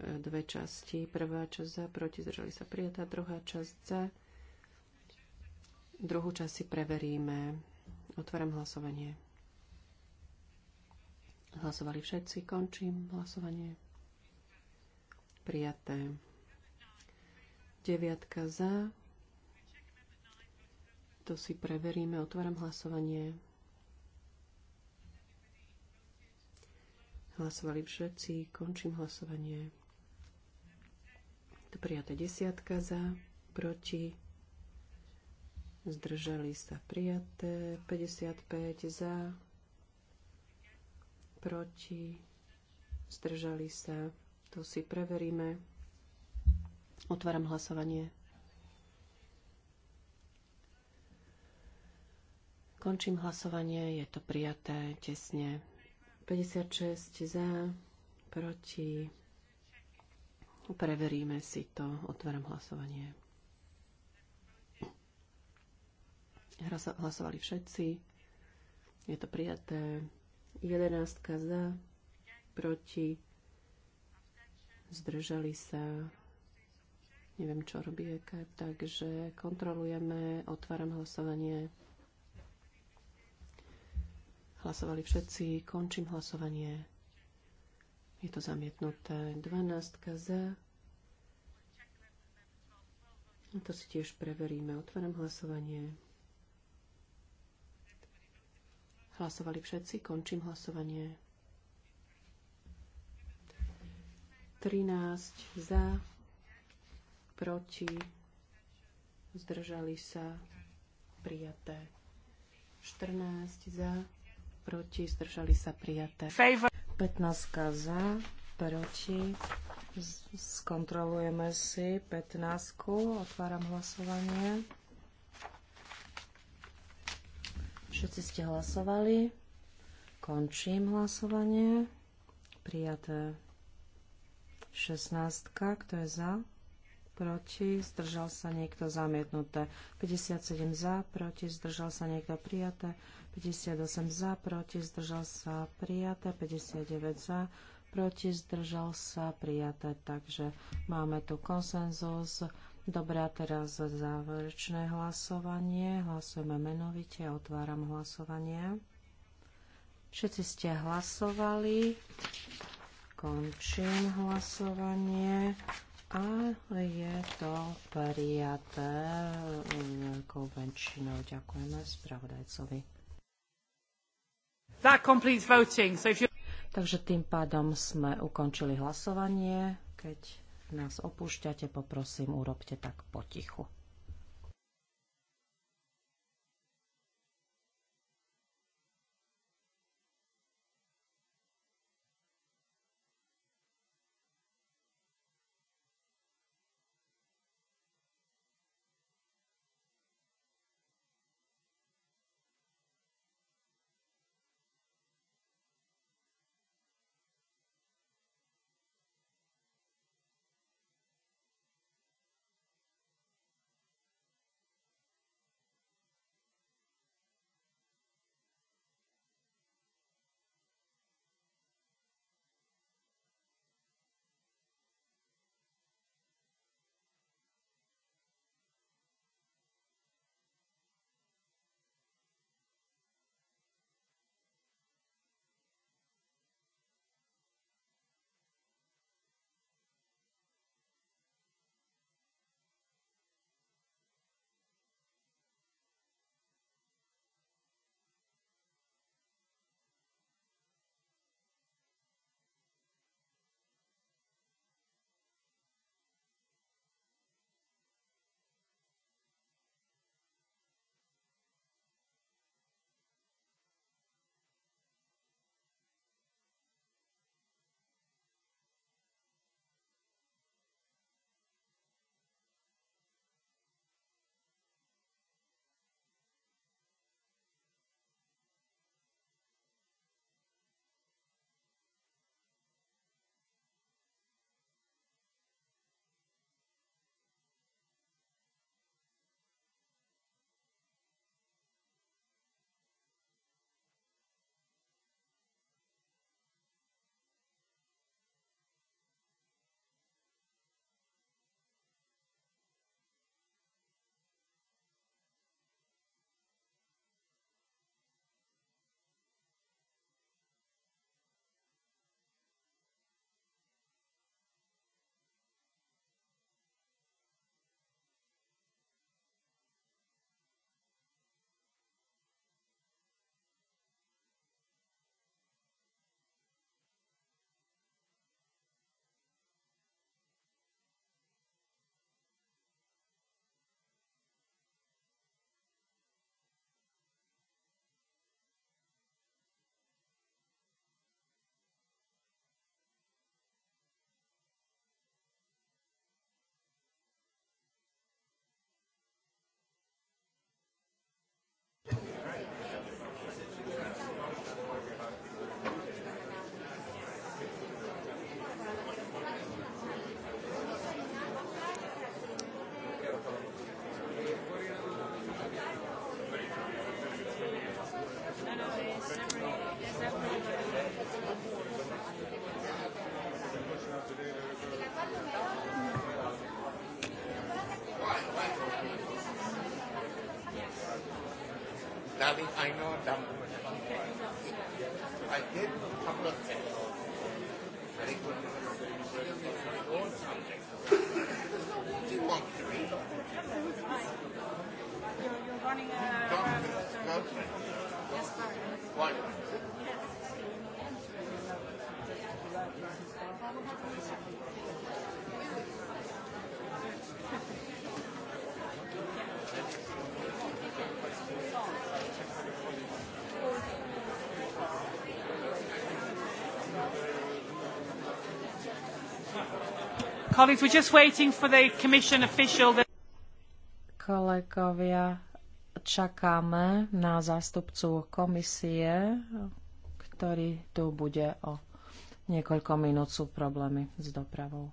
Speaker 3: dve časti. Prvá časť za, proti, zdržali sa, prijatá. Druhá časť za. Druhú časť si preveríme. Otváram hlasovanie. Hlasovali všetci. Končím hlasovanie. Prijaté. Deviatka za. To si preveríme. Otváram hlasovanie. Hlasovali všetci. Končím hlasovanie. To prijaté desiatka za. Proti. Zdržali sa prijaté. 55 za proti, zdržali sa. To si preveríme. Otváram hlasovanie. Končím hlasovanie, je to prijaté tesne. 56 za, proti. Preveríme si to. Otváram hlasovanie. Hlasovali všetci. Je to prijaté. Jedenáctka za, proti, zdržali sa, neviem čo robí EK, takže kontrolujeme, otváram hlasovanie. Hlasovali všetci, končím hlasovanie. Je to zamietnuté. 12 za. To si tiež preveríme. Otváram hlasovanie. Hlasovali všetci. Končím hlasovanie. 13 za, proti, zdržali sa, prijaté. 14 za, proti, zdržali sa, prijaté. 15 za, proti,
Speaker 1: skontrolujeme si 15. Otváram hlasovanie. Všetci ste hlasovali. Končím hlasovanie. Prijaté 16. Kto je za? Proti. Zdržal sa niekto zamietnuté. 57 za. Proti. Zdržal sa niekto prijaté. 58 za. Proti. Zdržal sa prijaté. 59 za. Proti. Zdržal sa prijaté. Takže máme tu konsenzus. Dobre, a teraz záverečné hlasovanie. Hlasujeme menovite. Otváram hlasovanie. Všetci ste hlasovali. Končím hlasovanie. A je to prijaté veľkou väčšinou. Ďakujeme spravodajcovi. That completes voting. So if you... Takže tým pádom sme ukončili hlasovanie. Keď nás opúšťate, poprosím, urobte tak potichu.
Speaker 2: I know.
Speaker 3: Colleagues, we're just waiting for the commission official. That...
Speaker 1: Kolegovia, čakáme na zástupcu komisie, ktorý tu bude o niekoľko minút sú problémy s dopravou.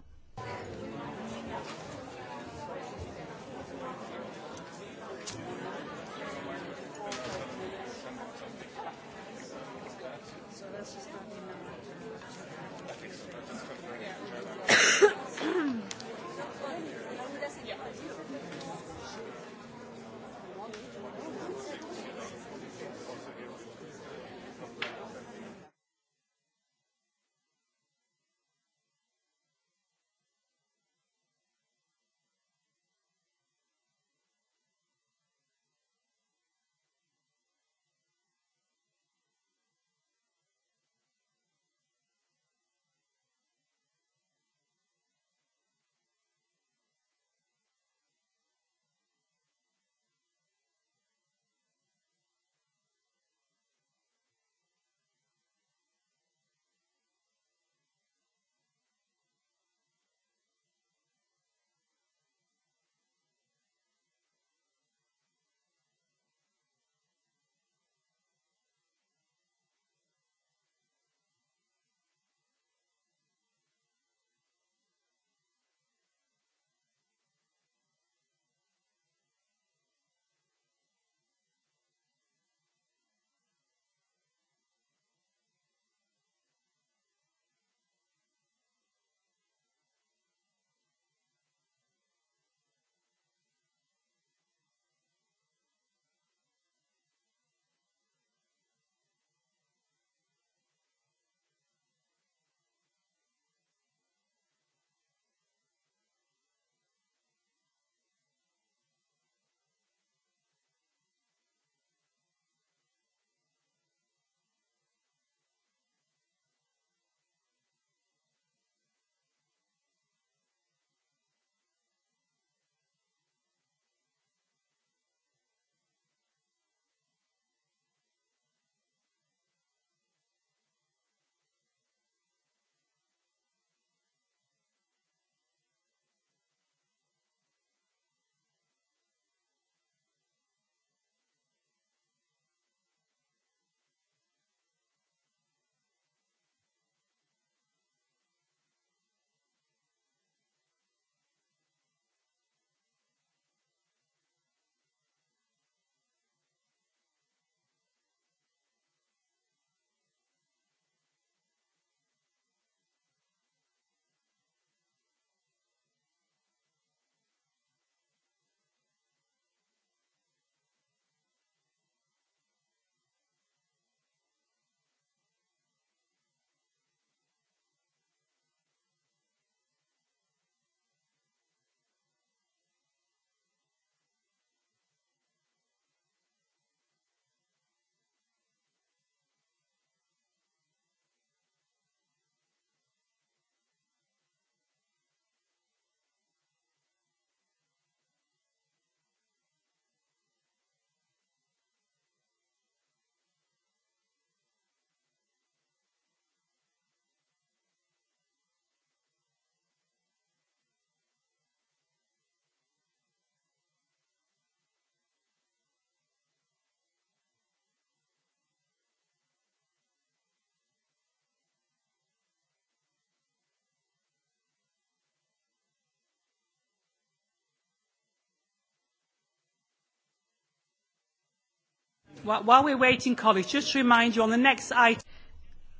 Speaker 3: While we're waiting, colleagues, just to remind you on the next item.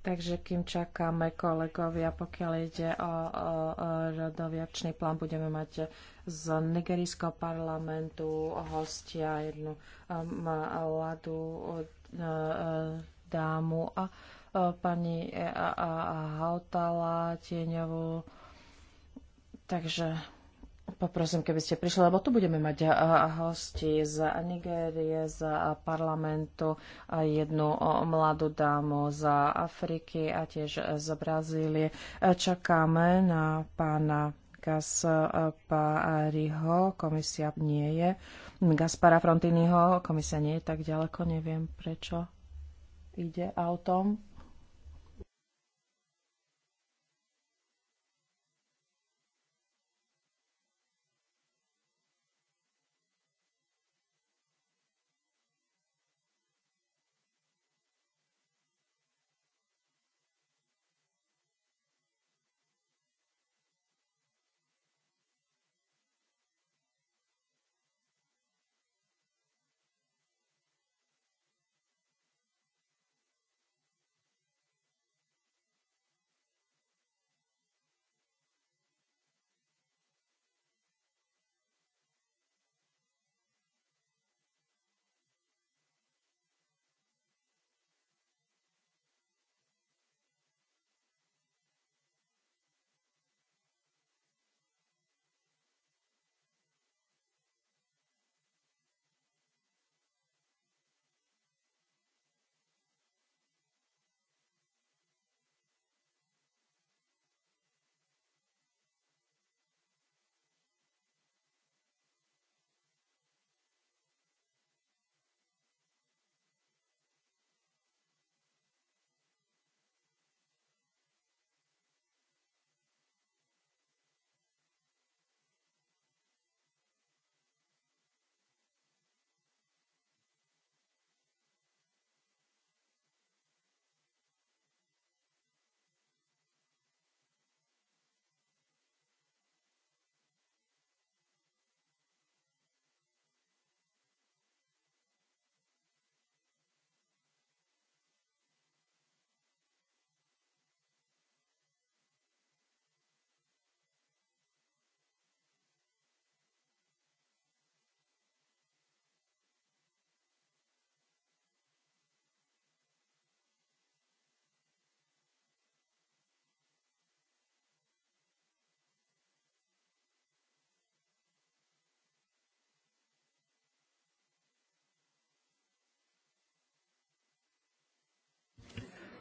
Speaker 1: Takže kým čakáme kolegovia, pokiaľ ide o, o, o plán, budeme mať z nigerijského parlamentu hostia jednu um, mladú e, e, dámu a e, pani Hautala Tieňovú. Takže Poprosím, keby ste prišli, lebo tu budeme mať hosti z Nigérie, z parlamentu, jednu mladú dámu z Afriky a tiež z Brazílie. Čakáme na pána Gaspariho, komisia nie je. Gaspara Frontiniho, komisia nie je tak ďaleko, neviem prečo ide autom.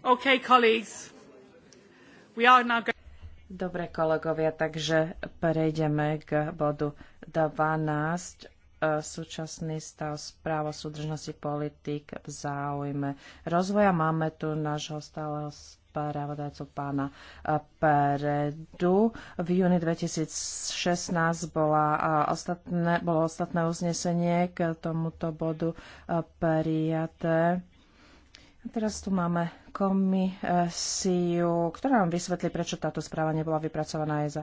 Speaker 3: Okay, now...
Speaker 1: Dobre, kolegovia, takže prejdeme k bodu 12 e, súčasný stav správo súdržnosti politik v záujme rozvoja. Máme tu nášho stáleho spravodajcu pána e, Peredu. V júni 2016 bola e, ostatné, bolo ostatné uznesenie k tomuto bodu prijaté Teraz tu máme komisiu, ktorá nám vysvetlí, prečo táto správa nebola vypracovaná aj za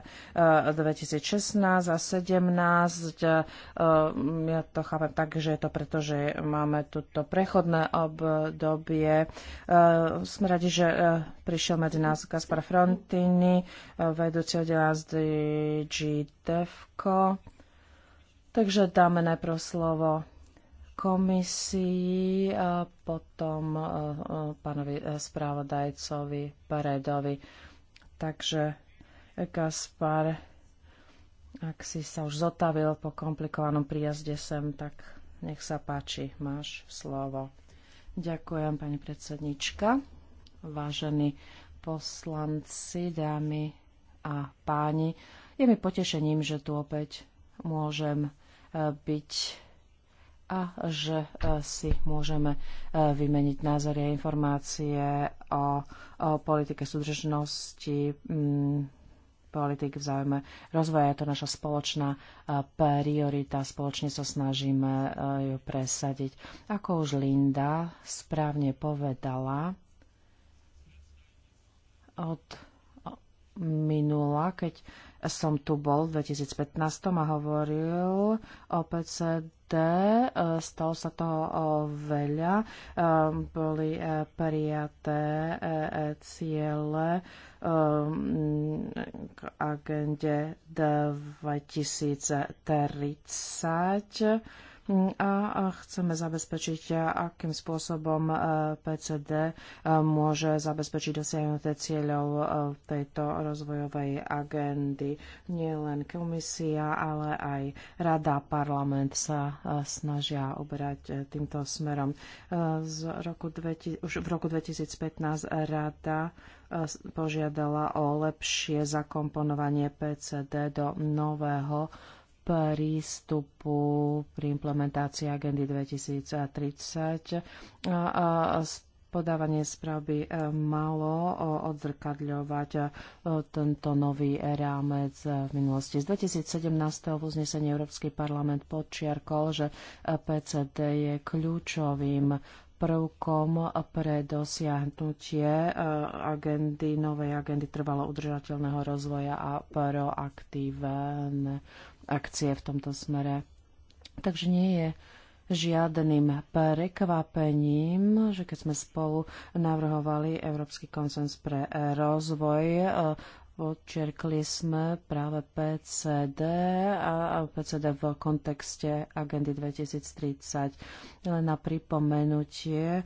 Speaker 1: 2016 eh, a 2017. Eh, ja to chápem tak, že je to preto, že máme toto prechodné obdobie. Eh, sme radi, že prišiel medzi nás Gaspar Frontini, vedúci oddelá z DG Devco. Takže dáme najprv slovo komisii, potom pánovi správodajcovi Paredovi. Takže kaspar, ak si sa už zotavil po komplikovanom príjazde sem, tak nech sa páči, máš slovo. Ďakujem, pani predsednička. Vážení poslanci, dámy a páni, je mi potešením, že tu opäť môžem e, byť a že e, si môžeme e, vymeniť názory a informácie o, o politike súdržnosti, politik v záujme rozvoja. Je to naša spoločná e, priorita. Spoločne sa snažíme ju presadiť. Ako už Linda správne povedala, od minula, keď som tu bol v 2015 a hovoril o PCD. E, stalo sa toho e, veľa. E, boli prijaté ciele k agende 2030 a chceme zabezpečiť, akým spôsobom e, PCD e, môže zabezpečiť dosiahnuté cieľov e, tejto rozvojovej agendy. Nie len komisia, ale aj rada, parlament sa snažia uberať týmto smerom. Z roku 2000, už v roku 2015 rada požiadala o lepšie zakomponovanie PCD do nového prístupu pri implementácii agendy 2030 a podávanie správ by e, malo odzrkadľovať e, tento nový rámec e, v minulosti. Z 2017. v uznesení Európsky parlament podčiarkol, že PCD je kľúčovým prvkom pre dosiahnutie agendy, novej agendy trvalo udržateľného rozvoja a proaktívne akcie v tomto smere. Takže nie je žiadnym prekvapením, že keď sme spolu navrhovali Európsky konsens pre rozvoj Odčerkli sme práve PCD a PCD v kontexte agendy 2030. Len na pripomenutie, e,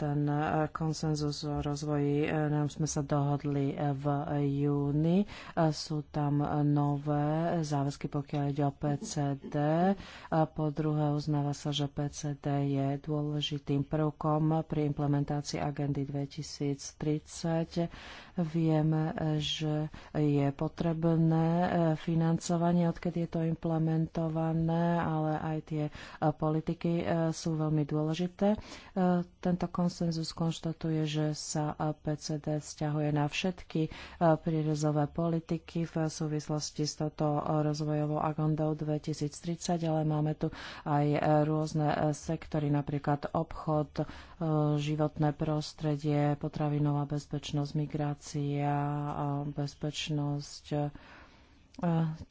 Speaker 1: ten e, konsenzus o rozvoji, e, nám sme sa dohodli v júni. Sú tam nové záväzky, pokiaľ ide o PCD. Po druhé, uznáva sa, že PCD je dôležitým prvkom pri implementácii agendy 2030. Vieme, že že je potrebné eh, financovanie, odkedy je to implementované, ale aj tie eh, politiky eh, sú veľmi dôležité. Tento konsenzus konštatuje, že sa PCD vzťahuje na všetky prírezové politiky v súvislosti s touto rozvojovou agendou 2030, ale máme tu aj rôzne sektory, napríklad obchod, životné prostredie, potravinová bezpečnosť, migrácia, bezpečnosť.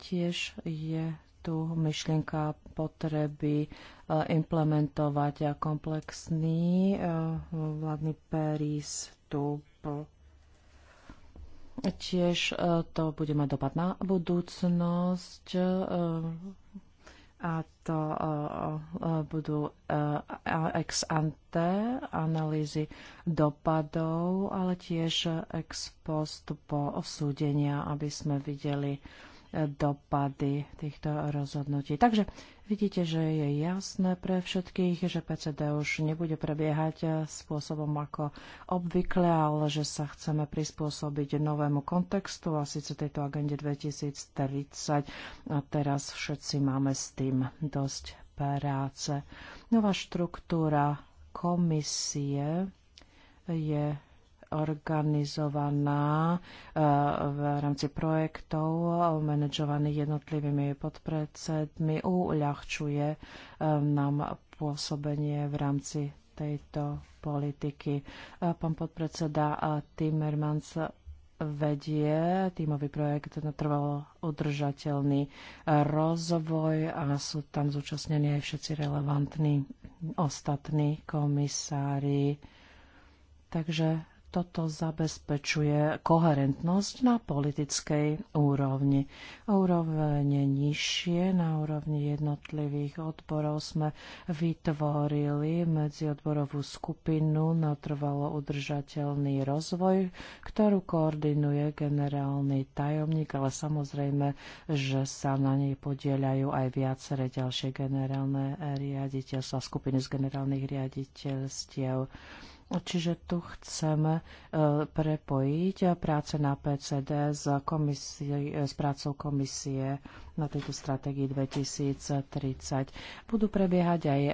Speaker 1: tiež je tu myšlienka potreby e, implementovať e, komplexný e, vládny tu Tiež to bude mať dopad na budúcnosť a to budú e, ex ante analýzy dopadov, ale tiež ex post po osúdenia, aby sme videli, dopady týchto rozhodnutí. Takže vidíte, že je jasné pre všetkých, že PCD už nebude prebiehať spôsobom ako obvykle, ale že sa chceme prispôsobiť novému kontextu a síce tejto agende 2030. A teraz všetci máme s tým dosť práce. Nová štruktúra komisie je organizovaná eh, v rámci projektov manažovaných jednotlivými podpredsedmi, uľahčuje eh, nám pôsobenie v rámci tejto politiky. Eh, pán podpredseda Timmermans vedie tímový projekt na trvalo udržateľný rozvoj a sú tam zúčastnení aj všetci relevantní ostatní komisári. Takže toto zabezpečuje koherentnosť na politickej úrovni. Úroveň nižšie na úrovni jednotlivých odborov sme vytvorili medziodborovú skupinu na trvalo udržateľný rozvoj, ktorú koordinuje generálny tajomník, ale samozrejme, že sa na nej podielajú aj viaceré ďalšie generálne riaditeľstva, skupiny z generálnych riaditeľstiev. Čiže tu chceme e, prepojiť práce na PCD s, komisie, s prácou komisie na tejto stratégii 2030. Budú prebiehať aj e,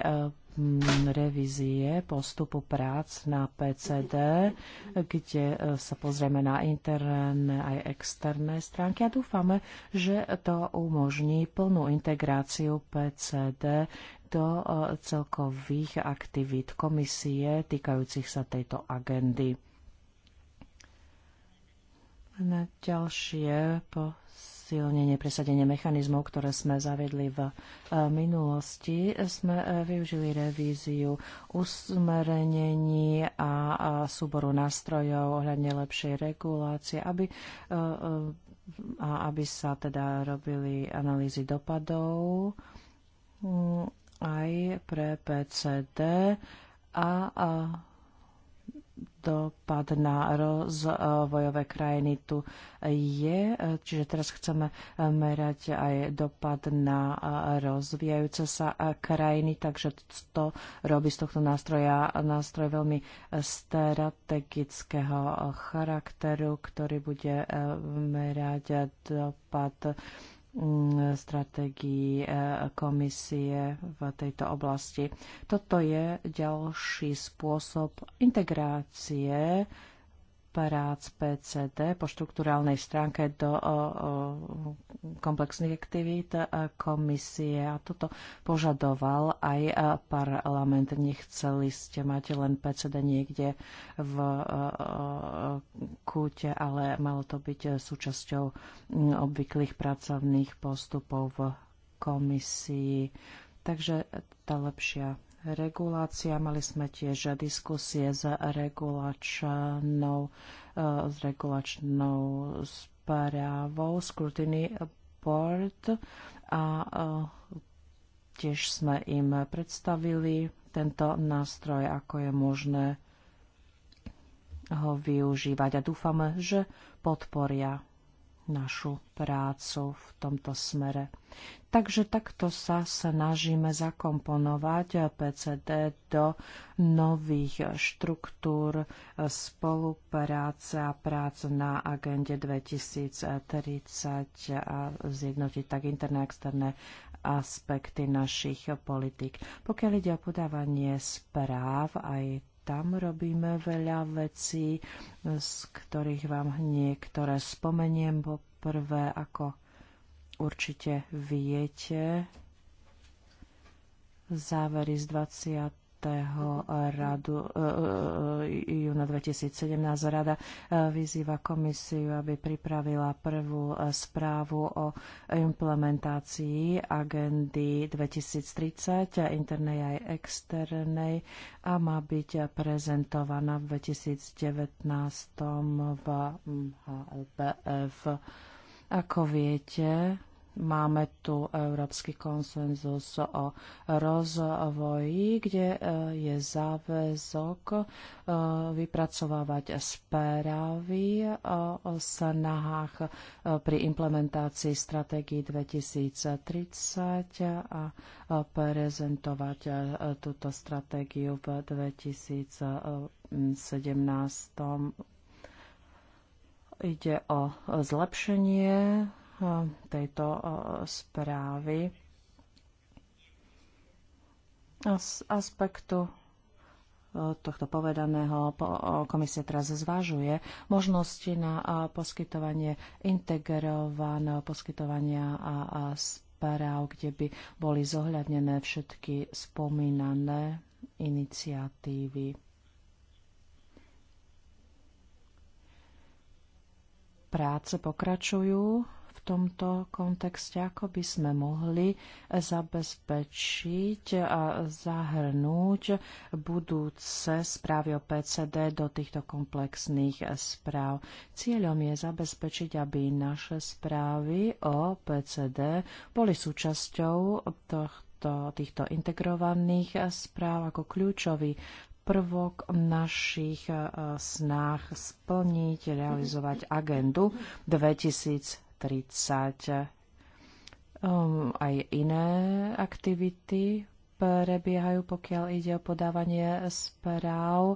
Speaker 1: revízie postupu prác na PCD, kde e, sa pozrieme na interné aj externé stránky a dúfame, že to umožní plnú integráciu PCD do e, celkových aktivít komisie týkajúcich sa tejto agendy. Na ďalšie posilnenie presadenie mechanizmov, ktoré sme zavedli v e, minulosti, sme e, využili revíziu usmerenení a súboru nástrojov ohľadne lepšej regulácie, aby a aby sa teda robili analýzy dopadov mm, aj pre PCD a, a dopad na rozvojové krajiny tu je. Čiže teraz chceme merať aj dopad na rozvíjajúce sa krajiny, takže to robí z tohto nástroja nástroj veľmi strategického charakteru, ktorý bude merať dopad Mm, stratégii e, komisie v tejto oblasti. Toto je ďalší spôsob integrácie prác PCD po štruktúrálnej stránke do komplexných aktivít komisie. A toto požadoval aj e, parlament. Nechceli ste mať len PCD niekde v e, e, kúte, ale malo to byť súčasťou obvyklých pracovných postupov v komisii. Takže tá lepšia regulácia. Mali sme tiež diskusie s regulačnou, e, s regulačnou správou Scrutiny Board a e, tiež sme im predstavili tento nástroj, ako je možné ho využívať a dúfame, že podporia našu prácu v tomto smere. Takže takto sa snažíme zakomponovať PCD do nových štruktúr spolupráce a prác na agende 2030 a zjednotiť tak interné a externé aspekty našich politik. Pokiaľ ide o podávanie správ, aj tam robíme veľa vecí, z ktorých vám niektoré spomeniem. Po prvé, ako určite viete, závery z 20 radu, e, e, júna 2017 rada e, vyzýva komisiu, aby pripravila prvú správu o implementácii agendy 2030, internej aj externej a má byť prezentovaná v 2019 v HLPF. Ako viete, Máme tu Európsky konsenzus o rozvoji, kde e, je záväzok e, vypracovávať správy o snahách e, pri implementácii stratégií 2030 a prezentovať túto stratégiu v 2017 ide o zlepšenie tejto e, správy z aspektu e, tohto povedaného e, komisia teraz zvážuje možnosti na poskytovanie integrovaného poskytovania a správ, kde by boli zohľadnené všetky spomínané iniciatívy. Práce pokračujú tomto kontexte, ako by sme mohli zabezpečiť a zahrnúť budúce správy o PCD do týchto komplexných správ. Cieľom je zabezpečiť, aby naše správy o PCD boli súčasťou tohto, týchto integrovaných správ ako kľúčový prvok našich eh, snách splniť, realizovať agendu 2030 (laughs) 30 Um, ehm, aj iné aktivity prebiehajú, pokiaľ ide o podávanie správ.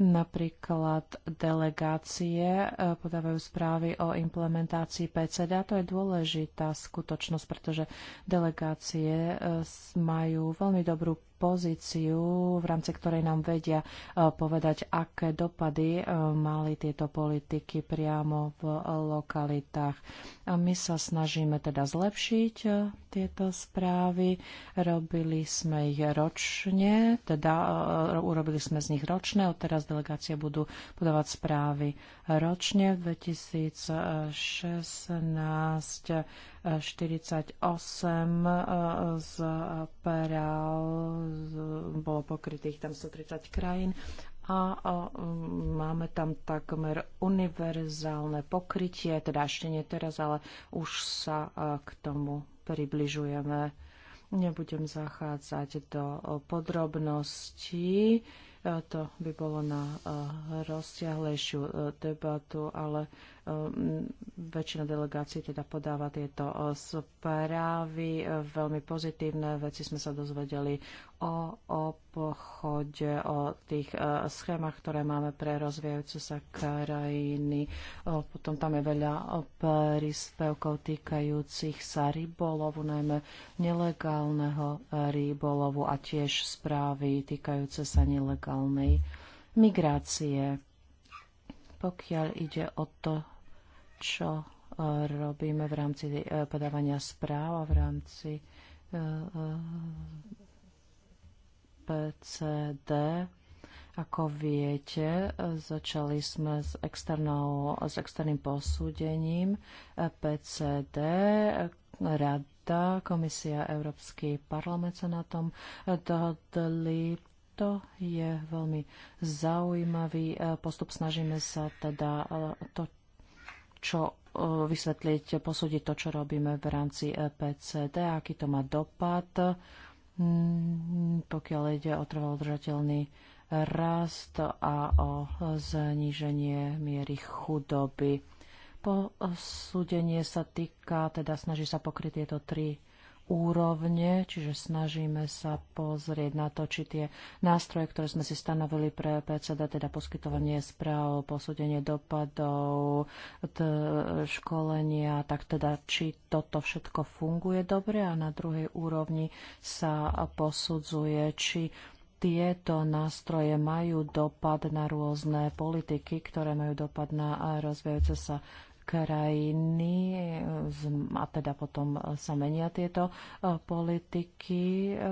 Speaker 1: Napríklad delegácie e, podávajú správy o implementácii PCD a to je dôležitá skutočnosť, pretože delegácie e, majú veľmi dobrú pozíciu, v rámci ktorej nám vedia e, povedať, aké dopady mali tieto politiky priamo v lokalitách. A my sa snažíme teda zlepšiť tieto správy. Robili sme ich ročne, teda urobili sme z nich ročné, odteraz delegácie budú podávať správy ročne. V 2016 48 eh, z Peral bolo pokrytých tam 130 krajín a eh, máme tam takmer univerzálne pokrytie, teda ešte nie teraz, ale už sa eh, k tomu približujeme. Nebudem zachádzať do podrobností. E, to by bolo na e, rozsiahlejšiu e, debatu, ale Ehm, väčšina delegácií teda podáva tieto e, správy. E, veľmi pozitívne veci sme sa dozvedeli o obchode, o tých e, schémach, ktoré máme pre rozvíjajúce sa krajiny. Potom tam je veľa príspevkov týkajúcich sa rybolovu, najmä nelegálneho rybolovu a tiež správy týkajúce sa nelegálnej migrácie pokiaľ ide o to, čo e, robíme v rámci e, podávania správ a v rámci e, PCD. Ako viete, začali sme s, externou, s externým posúdením PCD. Rada, Komisia, Európsky parlament sa na tom dohodli to je veľmi zaujímavý postup. Snažíme sa teda to, čo e, vysvetliť, posúdiť to, čo robíme v rámci e, PCD, aký to má dopad, mm, pokiaľ ide o trvalodržateľný rast a o zníženie miery chudoby. Posúdenie sa týka, teda snaží sa pokryť tieto tri úrovne, čiže snažíme sa pozrieť na to, či tie nástroje, ktoré sme si stanovili pre PCD, teda poskytovanie správ, posúdenie dopadov, školenia, tak teda či toto všetko funguje dobre a na druhej úrovni sa posudzuje, či tieto nástroje majú dopad na rôzne politiky, ktoré majú dopad na rozvíjajúce sa krajiny a teda potom sa menia tieto e, politiky. E,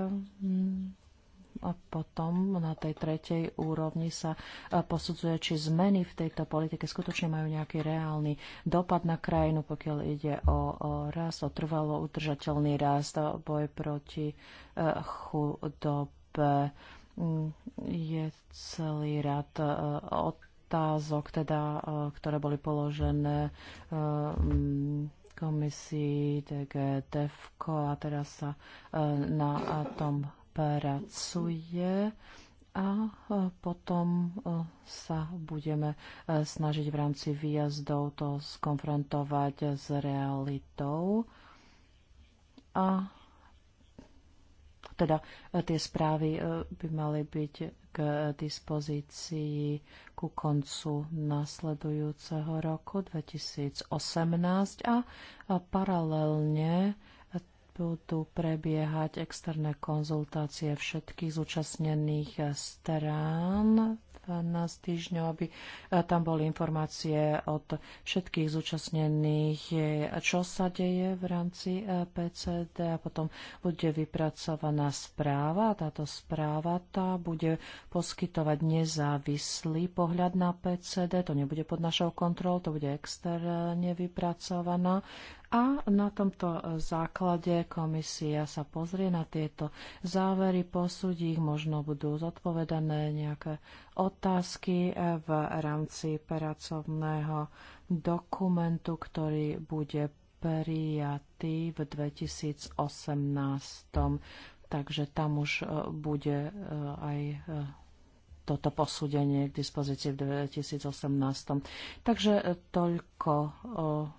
Speaker 1: a potom na tej tretej úrovni sa e, posudzuje, či zmeny v tejto politike skutočne majú nejaký reálny dopad na krajinu, pokiaľ ide o, rast, o trvalo udržateľný rast, o boj proti chudobe mm, je celý rad od otázok, teda, e, ktoré boli položené e, mm, komisii DG DEFCO a teraz sa e, na tom pracuje a potom sa budeme snažiť v rámci výjazdov to skonfrontovať s realitou. A teda tie správy by mali byť k dispozícii ku koncu nasledujúceho roku 2018 a paralelne budú prebiehať externé konzultácie všetkých zúčastnených strán týždňov, aby e, tam boli informácie od všetkých zúčastnených, e, čo sa deje v rámci e, PCD a potom bude vypracovaná správa. Táto správa tá bude poskytovať nezávislý pohľad na PCD. To nebude pod našou kontrolou, to bude externe vypracovaná a na tomto e, základe komisia sa pozrie na tieto závery, posúdi ich, možno budú zodpovedané nejaké otázky e, v rámci pracovného dokumentu, ktorý bude prijatý v 2018. Takže tam už e, bude aj toto posúdenie k dispozícii v 2018. Takže e, toľko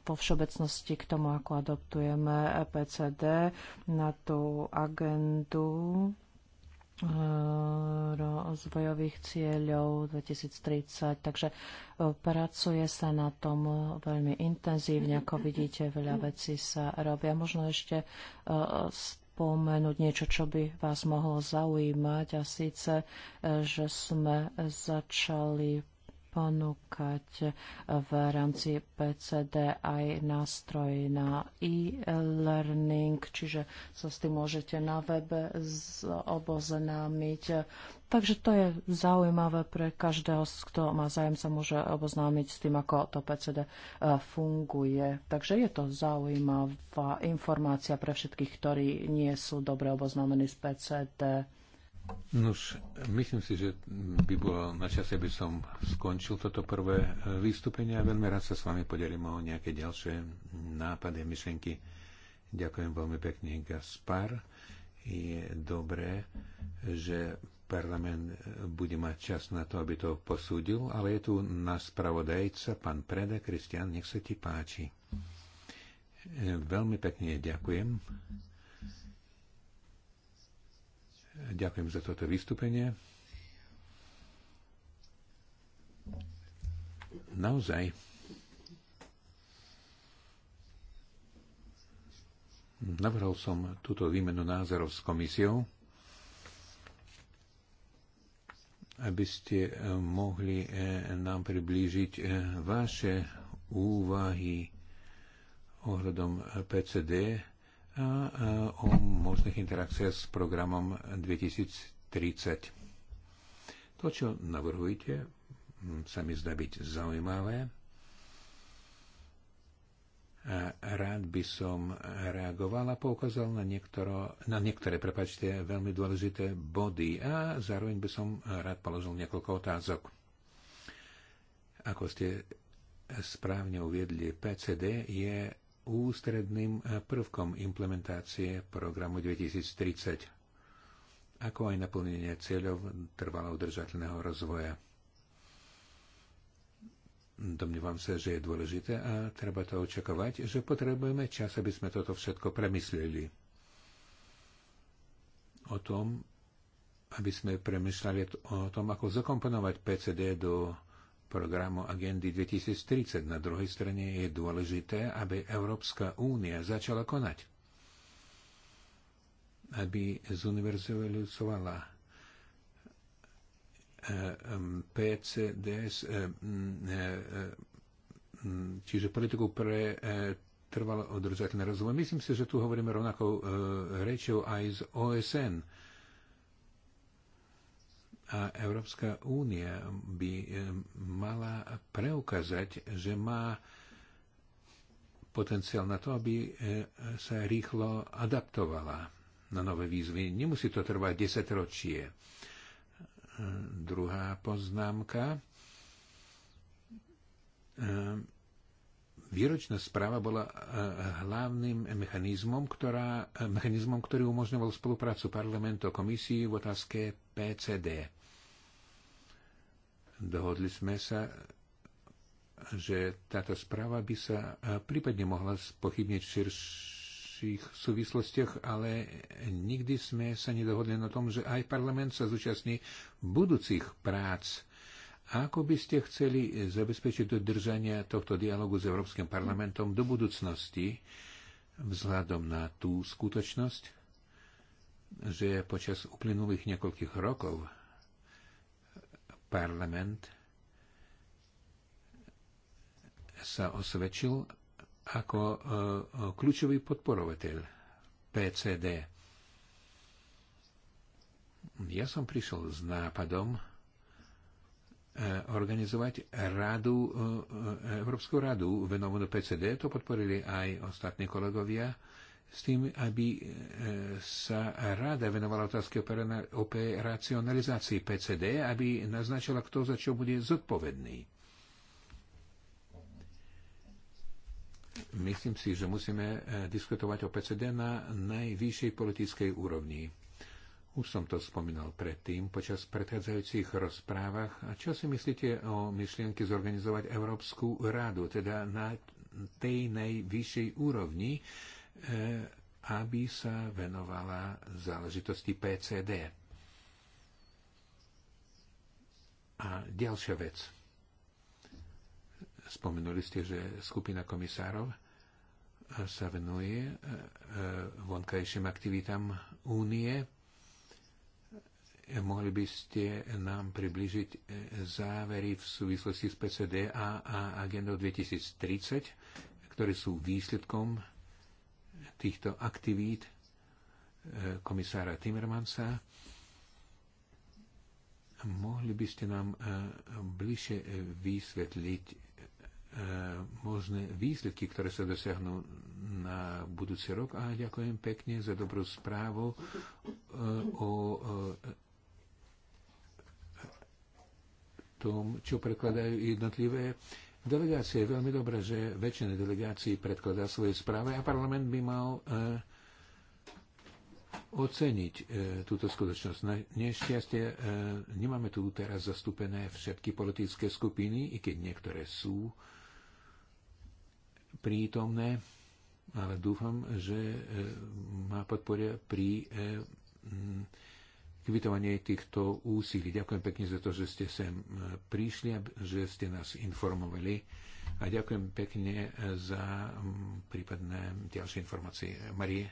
Speaker 1: vo všeobecnosti k tomu, ako adoptujeme EPCD na tú agendu e, rozvojových cieľov 2030. Takže e, pracuje sa na tom veľmi intenzívne. Ako vidíte, veľa vecí sa robia. Možno ešte z pripomenúť niečo, čo by vás mohlo zaujímať a síce, e, že sme začali ponúkať v rámci PCD aj nástroj na e-learning, čiže sa s tým môžete na webe oboznámiť. Takže to je zaujímavé pre každého, kto má zájem, sa môže oboznámiť s tým, ako to PCD e, funguje. Takže je to zaujímavá informácia pre všetkých, ktorí nie sú dobre oboznámení s PCD.
Speaker 2: Nož, myslím si, že by bolo na čase, aby som skončil toto prvé e, vystúpenie a veľmi rád sa s vami podelím o nejaké ďalšie nápady a myšlenky. Ďakujem veľmi pekne, Gaspar. Je dobré, že parlament e, bude mať čas na to, aby to posúdil, ale je tu na spravodajca, pán Preda, Kristian, nech sa ti páči. E, veľmi pekne ďakujem. Ďakujem za toto vystúpenie. Naozaj. Navrhol som túto výmenu názorov s komisiou, aby ste eh, mohli eh, nám priblížiť eh, vaše úvahy ohľadom PCD a o možných interakciách s programom 2030. To, čo navrhujete, hm, sa mi zdá byť zaujímavé. A rád by som reagoval a poukázal na, niektoro, na niektoré, prepačte, veľmi dôležité body a zároveň by som rád položil niekoľko otázok. Ako ste správne uviedli, PCD je ústredným eh, prvkom implementácie programu 2030, ako aj naplnenie cieľov trvalo udržateľného rozvoja. Domnívam sa, že je dôležité a treba to očakovať, že potrebujeme čas, aby sme toto všetko premyslili. O tom, aby sme premyšľali o tom, ako zakomponovať PCD do programu Agendy 2030. Na druhej strane je dôležité, aby Európska únia začala konať. Aby zuniverzalizovala eh, PCDS, eh, eh, čiže politiku pre trvalo udržateľný rozvoj. Myslím si, že tu hovoríme rovnakou rečou aj z OSN a Európska únia by eh, mala preukázať, že má potenciál na to, aby eh, sa rýchlo adaptovala na nové výzvy. Nemusí to trvať 10 ročie. Eh, druhá poznámka. Výročná správa bola hlavným mechanizmom, ktorá, mechanizmom ktorý umožňoval spoluprácu parlamentu a komisii v otázke PCD. Dohodli sme sa, že táto správa by sa eh, prípadne mohla spochybniť v širších súvislostiach, ale nikdy sme sa nedohodli na tom, že aj parlament sa zúčastní budúcich prác. Ako by ste chceli zabezpečiť dodržania tohto dialogu s Európskym parlamentom do budúcnosti vzhľadom na tú skutočnosť, že počas uplynulých niekoľkých rokov parlament sa osvedčil ako e, e, kľúčový podporovateľ PCD. Ja som prišiel s nápadom e, organizovať radu, Európsku radu venovanú PCD. To podporili aj ostatní kolegovia s tým, aby e, sa rada venovala otázke operacionalizácii PCD, aby naznačila, kto za čo bude zodpovedný. Myslím si, že musíme e, diskutovať o PCD na najvyššej politickej úrovni. Už som to spomínal predtým, počas predchádzajúcich rozprávach. A čo si myslíte o myšlienke zorganizovať Európsku radu, teda na tej najvyššej úrovni, Eh, aby sa venovala záležitosti PCD. A ďalšia vec. Spomenuli ste, že skupina komisárov sa venuje eh, eh, vonkajším aktivitám únie. Mohli by ste nám približiť závery v súvislosti s PCD a agendou 2030, ktoré sú výsledkom týchto aktivít e, komisára Timmermansa. Mohli by ste nám e, bližšie e, vysvetliť možné výsledky, ktoré sa dosiahnu na budúci rok. A ďakujem pekne za dobrú správu o tom, čo prekladajú jednotlivé Delegácie je veľmi dobré, že väčšina delegácií predkladá svoje správy a parlament by mal e, oceniť e, túto skutočnosť. Na nešťastie e, nemáme tu teraz zastúpené všetky politické skupiny, i keď niektoré sú prítomné, ale dúfam, že e, má podporia pri e, m, kvitovanie týchto úsilí. Ďakujem pekne za to, že ste sem e, prišli a že ste nás informovali. A ďakujem pekne e, za prípadné ďalšie informácie. Marie,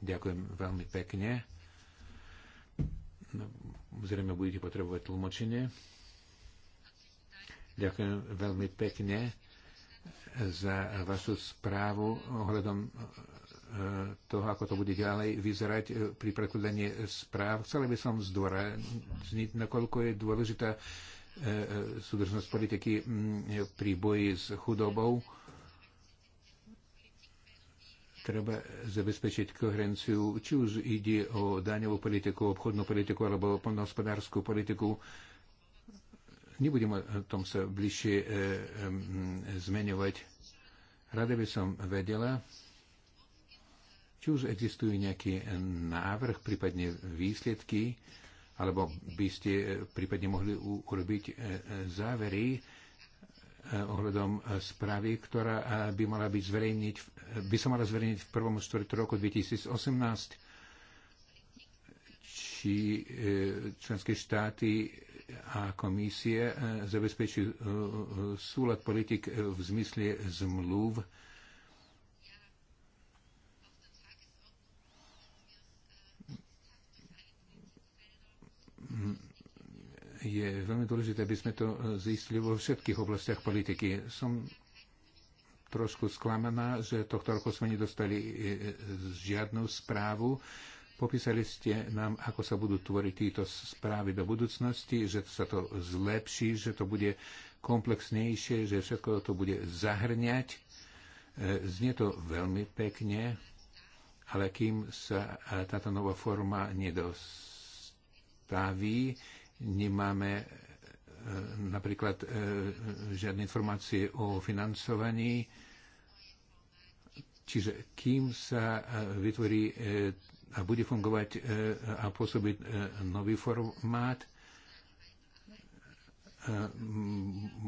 Speaker 2: ďakujem veľmi pekne. No, zrejme budete potrebovať tlmočenie. Ďakujem veľmi pekne e, za vašu správu ohľadom E, toho, ako to bude ďalej vyzerať e, pri prekladaní správ. Chcel by som zdôrazniť, nakoľko je dôležitá e, súdržnosť politiky pri boji s chudobou. Treba zabezpečiť koherenciu, či už ide o daňovú politiku, obchodnú politiku alebo poľnohospodárskú politiku. Nebudem o tom sa bližšie e, e, zmeňovať. Rada by som vedela, či už existujú nejaký návrh, prípadne výsledky, alebo by ste eh, prípadne mohli urobiť eh, závery eh, ohľadom správy, ktorá by mala byť zverejniť, by sa mala zverejniť v prvom štvrtu roku 2018 či členské štáty a komisie zabezpečujú súlad politik v zmysle zmluv je veľmi dôležité, aby sme to zistili vo všetkých oblastiach politiky. Som trošku sklamaná, že tohto roku sme nedostali e, žiadnu správu. Popísali ste nám, ako sa budú tvoriť títo správy do budúcnosti, že sa to zlepší, že to bude komplexnejšie, že všetko to bude zahrňať. E, znie to veľmi pekne, ale kým sa e, táto nová forma nedos správy, nemáme e, napríklad e, žiadne informácie o financovaní. Čiže kým sa e, vytvorí a bude fungovať a pôsobiť nový formát,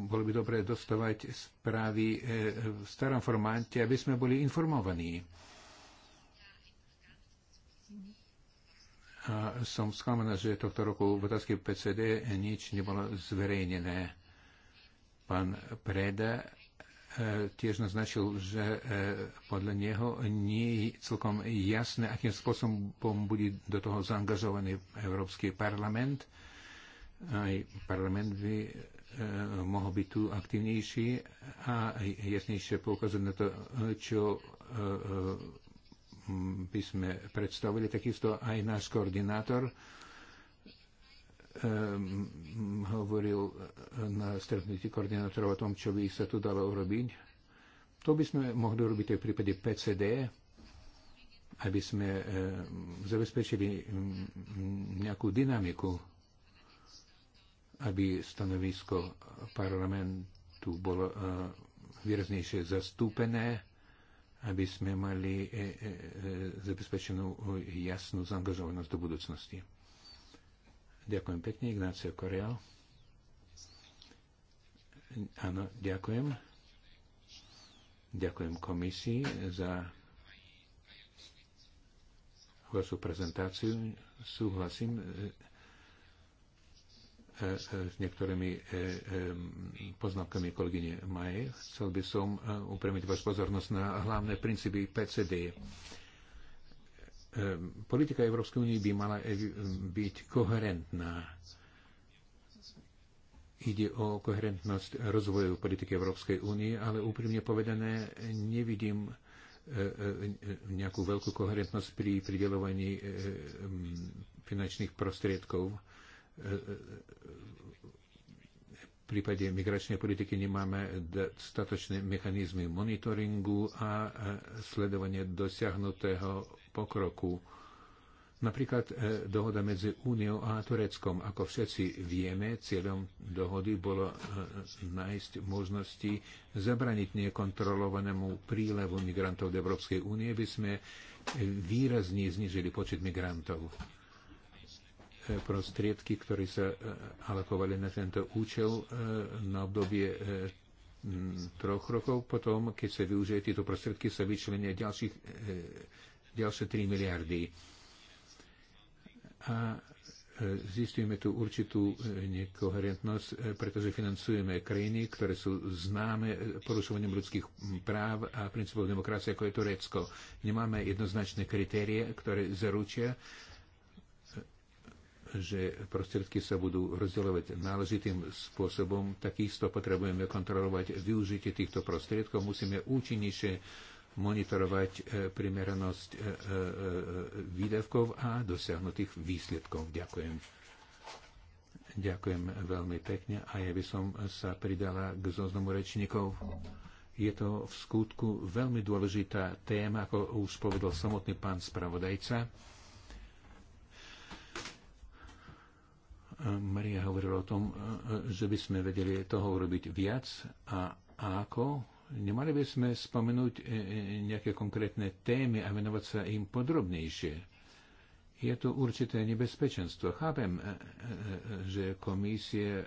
Speaker 2: bolo by dobre dostávať správy v starom formáte, aby sme boli informovaní. A som sklamaná, že tohto roku v otázke PCD nič nebolo zverejnené. Pán Preda e, tiež naznačil, že e, podľa neho nie je celkom jasné, akým spôsobom bude do toho zaangažovaný Európsky parlament. Aj parlament by e, mohol byť tu aktívnejší a jasnejšie poukázať na to, čo by sme predstavili, takisto aj náš koordinátor um, hovoril na stretnutí koordinátorov o tom, čo by sa tu dalo urobiť. To by sme mohli urobiť aj v prípade PCD, aby sme um, zabezpečili mm, nejakú dynamiku, aby stanovisko parlamentu bolo uh, výraznejšie zastúpené aby sme mali e, e, e, zabezpečenú jasnú zaangažovanosť do budúcnosti. Ďakujem pekne, Ignácio Koreal. Áno, ďakujem. Ďakujem komisii za vašu prezentáciu. Súhlasím E, e, s niektorými e, poznámkami kolegyne Maje. Chcel by som upremiť vás pozornosť na hlavné princípy PCD. Politika Európskej únie by mala byť koherentná. Ide o koherentnosť rozvoju politiky Európskej únie, ale úprimne povedané nevidím nejakú veľkú koherentnosť pri pridelovaní finančných prostriedkov v prípade migračnej politiky nemáme dostatočné mechanizmy monitoringu a sledovanie dosiahnutého pokroku. Napríklad e, dohoda medzi Úniou a Tureckom. Ako všetci vieme, cieľom dohody bolo e, nájsť možnosti zabraniť nekontrolovanému prílevu migrantov do Európskej únie, by sme výrazne znižili počet migrantov prostriedky, ktoré sa e, alokovali na tento účel e, na obdobie e, troch rokov. Potom, keď sa využije tieto prostriedky, sa vyčlenia ďalších, ďalšie 3 miliardy. A zistujeme tu určitú nekoherentnosť, pretože financujeme krajiny, ktoré sú známe porušovaním ľudských práv a princípov demokracie, ako je Turecko. Nemáme jednoznačné kritérie, ktoré zaručia, že prostriedky sa budú rozdielovať náležitým spôsobom. Takisto potrebujeme kontrolovať využitie týchto prostriedkov. Musíme účinnejšie monitorovať e, primeranosť e, e, výdavkov a dosiahnutých výsledkov. Ďakujem. Ďakujem veľmi pekne a ja by som sa pridala k zoznamu rečníkov. Je to v skutku veľmi dôležitá téma, ako už povedal samotný pán spravodajca. Maria hovorila o tom, že by sme vedeli toho urobiť viac a ako. Nemali by sme spomenúť e, e, nejaké konkrétne témy a venovať sa im podrobnejšie. Je to určité nebezpečenstvo. Chápem, e, že komisie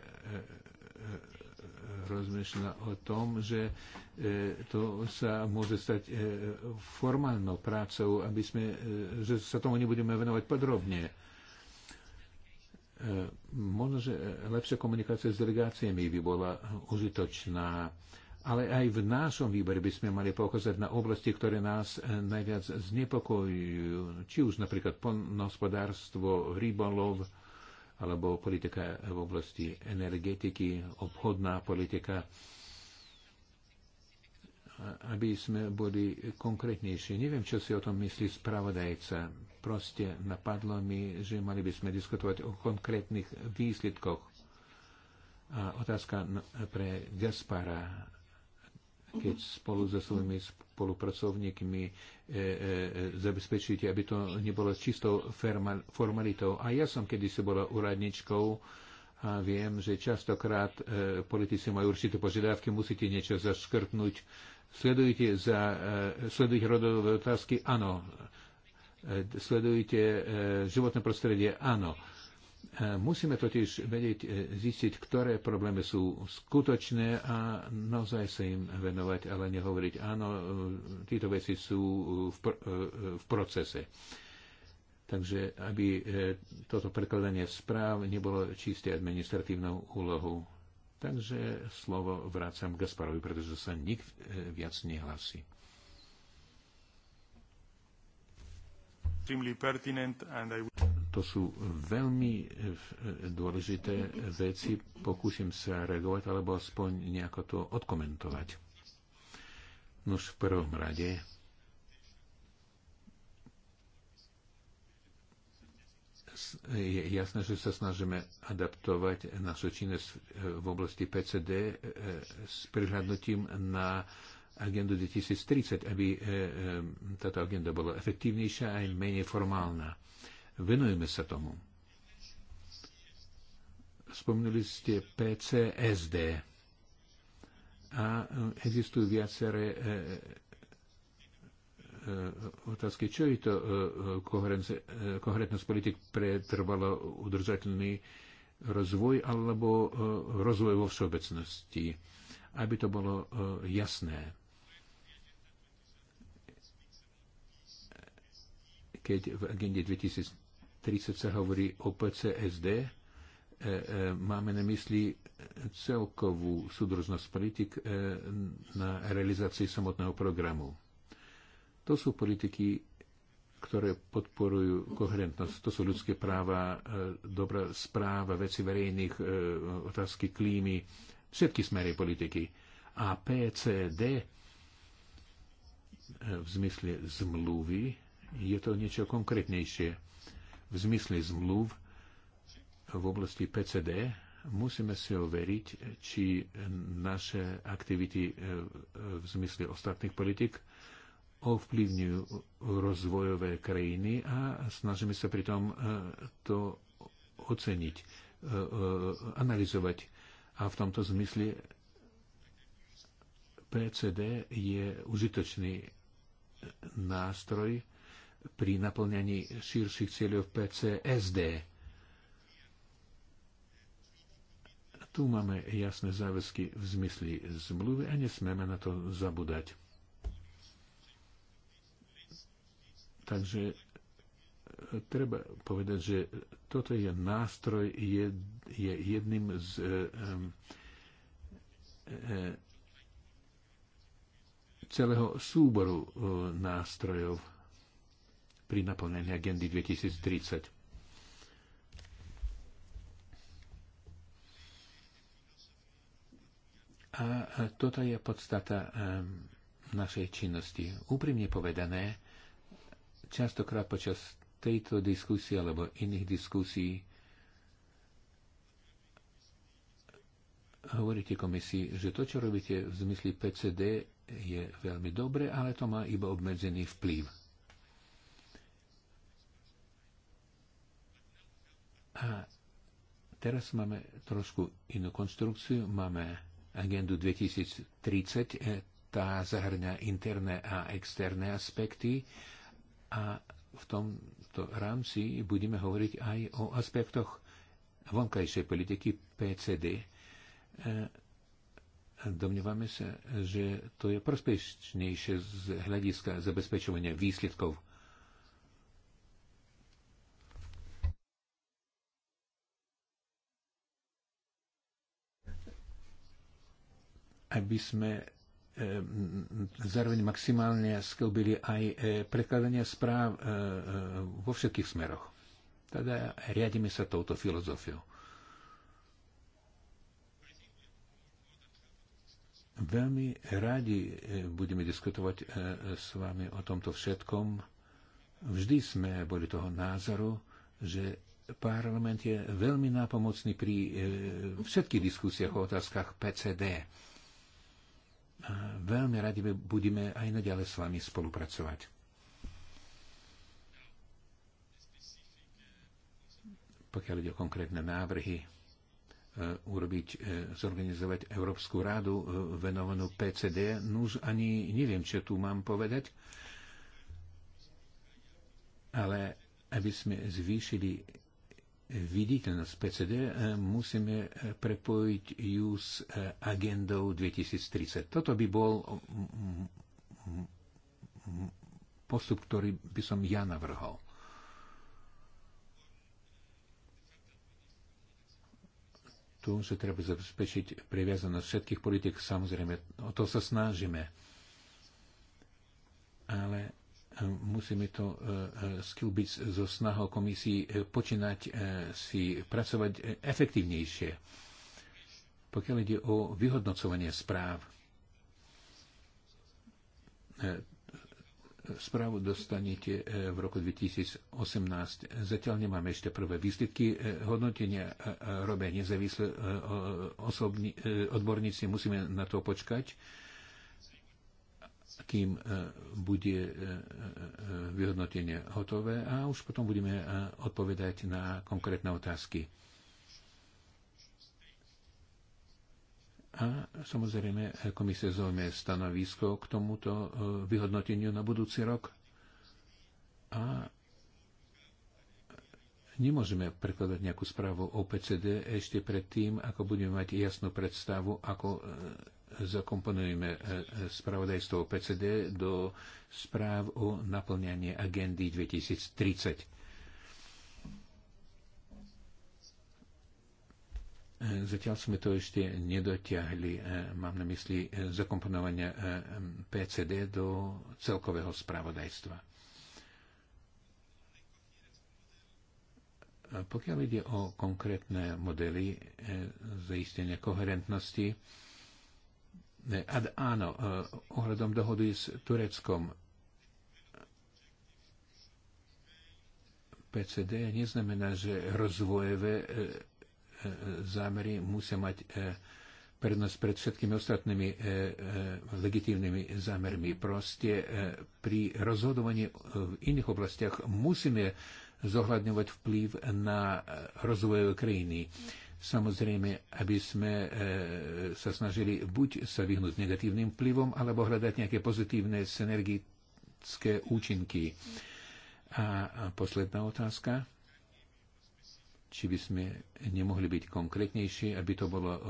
Speaker 2: rozmýšľa o tom, že to sa môže stať formálnou prácou, aby sme, že sa tomu nebudeme venovať podrobne. Možno, že lepšia komunikácia s delegáciami by bola užitočná, ale aj v našom výbore by sme mali poukázať na oblasti, ktoré nás najviac znepokojujú, či už napríklad poľnohospodárstvo, rybolov, alebo politika v oblasti energetiky, obchodná politika, aby sme boli konkrétnejšie. Neviem, čo si o tom myslí spravodajca Proste napadlo mi, že mali by sme diskutovať o konkrétnych výsledkoch. A otázka pre Gaspara, keď spolu so svojimi spolupracovníkmi e, e, e zabezpečíte, aby to nebolo čistou formalitou. A ja som kedysi bola úradničkou a viem, že častokrát e, politici majú určité požiadavky, musíte niečo zaškrtnúť. Sledujete za, e, sledujte rodové otázky? Áno. E, sledujete e, životné prostredie, áno. E, musíme totiž vedieť, zistiť, ktoré problémy sú skutočné a naozaj sa im venovať, ale nehovoriť, áno, títo veci sú v, pr- v procese. Takže aby toto prekladanie správ nebolo čiste administratívnou úlohou. Takže slovo vrácam Gasparovi, pretože sa nik viac nehlasí. To sú veľmi eh, eh, dôležité veci. Pokúsim sa reagovať, alebo aspoň nejako to odkomentovať. Nož v prvom rade je jasné, že sa snažíme adaptovať našu činnosť eh, v oblasti PCD s prihľadnutím na agendu 2030, aby e, e, táto agenda bola efektívnejšia a aj menej formálna. Venujeme sa tomu. Spomínali ste PCSD a existujú viaceré e, otázky, čo je to koherentnosť politik pre trvalo udržateľný rozvoj alebo rozvoj vo všeobecnosti, aby to bolo jasné. keď v agende 2030 sa hovorí o PCSD, e, e, máme na mysli celkovú súdržnosť politik e, na realizácii samotného programu. To sú politiky, ktoré podporujú koherentnosť. To sú ľudské práva, dobrá správa, veci verejných, otázky klímy, všetky smery politiky. A PCD v zmysle zmluvy je to niečo konkrétnejšie. V zmysle zmluv v oblasti PCD musíme si overiť, či naše aktivity e, v zmysle ostatných politik ovplyvňujú rozvojové krajiny a snažíme sa pritom e, to oceniť, e, analyzovať. A v tomto zmysle PCD je užitočný nástroj, pri naplňaní širších cieľov PCSD. Tu máme jasné záväzky v zmysli zmluvy a nesmeme na to zabúdať. Takže e, treba povedať, že toto je nástroj, je, je jedným z e, e, e celého súboru e, nástrojov pri naplnení agendy 2030. A toto je podstata našej činnosti. Úprimne povedané, častokrát počas tejto diskusie alebo iných diskusí hovoríte komisii, že to, čo robíte v zmysli PCD, je veľmi dobre, ale to má iba obmedzený vplyv. A teraz máme trošku inú konstrukciu. Máme agendu 2030. E, tá zahrňa interné a externé aspekty a v tomto rámci budeme hovoriť aj o aspektoch vonkajšej politiky PCD. E, domnievame sa, že to je prospešnejšie z hľadiska zabezpečovania výsledkov aby sme e, zároveň maximálne sklbili aj e, prekladania správ e, vo všetkých smeroch. Teda riadíme sa touto filozofiou. Veľmi radi budeme diskutovať s vami o tomto všetkom. Vždy sme boli toho názoru, že parlament je veľmi nápomocný pri všetkých diskusiách o otázkach PCD veľmi radi budeme aj naďalej s vami spolupracovať. Pokiaľ ide o konkrétne návrhy, e, urobiť, e, zorganizovať Európsku rádu e, venovanú PCD, nuž ani neviem, čo tu mám povedať, ale aby sme zvýšili viditeľnosť PCD e, musíme e, prepojiť ju s e, agendou 2030. Toto by bol postup, ktorý by som ja navrhol. Tu, sa treba zabezpečiť previazanosť všetkých politik, samozrejme, o to sa snažíme. Ale musíme to e, e, skúbiť so snahou komisii e, počínať si pracovať efektívnejšie. Pokiaľ ide o vyhodnocovanie správ, správu dostanete v roku 2018. Zatiaľ nemáme ešte prvé výsledky hodnotenia, robia nezávislí odborníci, musíme na to počkať kým e, bude e, e, vyhodnotenie hotové a už potom budeme odpovedať na konkrétne otázky. A samozrejme, komisia zaujme stanovisko k tomuto vyhodnoteniu na budúci rok. A nemôžeme prekladať nejakú správu o PCD ešte predtým, ako budeme mať jasnú predstavu, ako zakomponujeme e, e, spravodajstvo PCD do správ o naplňanie agendy 2030. E, zatiaľ sme to ešte nedotiahli, mám na mysli zakomponovanie PCD do celkového spravodajstva. Pokiaľ ide o konkrétne modely zaistenia koherentnosti, Ad, áno, uh, ohľadom dohody s Tureckom. PCD neznamená, že rozvojové e, e, zámery musia mať uh, prednosť pred všetkými ostatnými uh, uh, legitívnymi zámermi. Proste uh, pri rozhodovaní v iných oblastiach musíme zohľadňovať vplyv na rozvojové krajiny. Uh, Samozrejme, aby sme e, sa snažili buď sa vyhnúť negatívnym vplyvom, alebo hľadať nejaké pozitívne synergické účinky. A posledná otázka. Či by sme nemohli byť konkrétnejšie, aby to bolo e,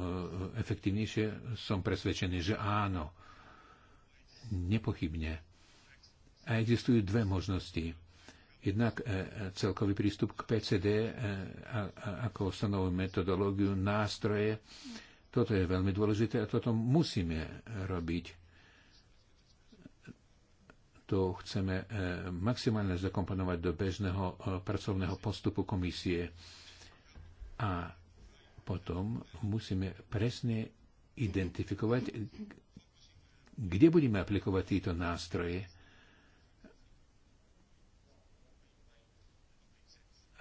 Speaker 2: efektívnejšie? Som presvedčený, že áno. Nepochybne. A existujú dve možnosti Jednak e, celkový prístup k PCD, e, ako stanovujú metodológiu, nástroje, toto je veľmi dôležité a toto musíme robiť. To chceme e, maximálne zakomponovať do bežného pracovného postupu komisie. A potom musíme presne identifikovať, kde budeme aplikovať títo nástroje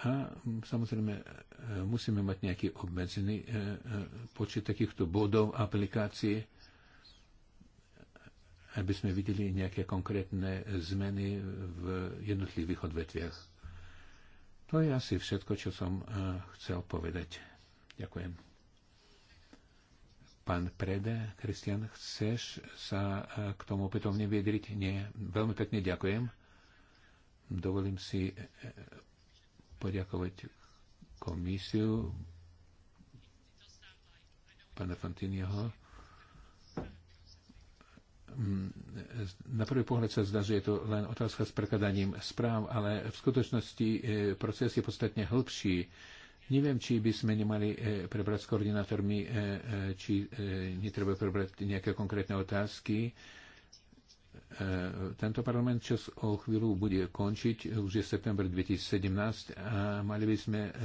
Speaker 2: A mm, samozrejme e, musíme mať nejaký obmedzený e, e, počet takýchto bodov aplikácie, aby sme videli nejaké konkrétne zmeny v jednotlivých odvetviach. To je asi všetko, čo som chcel povedať. Ďakujem. Pán Prede, Kristian, chceš sa k tomu opätovne vyjadriť? Nie. Veľmi pekne ďakujem. Dovolím si poďakovať komisiu pána Fantiniho. Mm, na prvý pohľad sa zdá, že je to len otázka s prekladaním správ, ale v skutočnosti e, proces je podstatne hĺbší. Neviem, či by sme nemali e, prebrať s koordinátormi, e, či netreba prebrať nejaké konkrétne otázky E, tento parlament čas o chvíľu bude končiť, už je september 2017 a mali by sme e, e,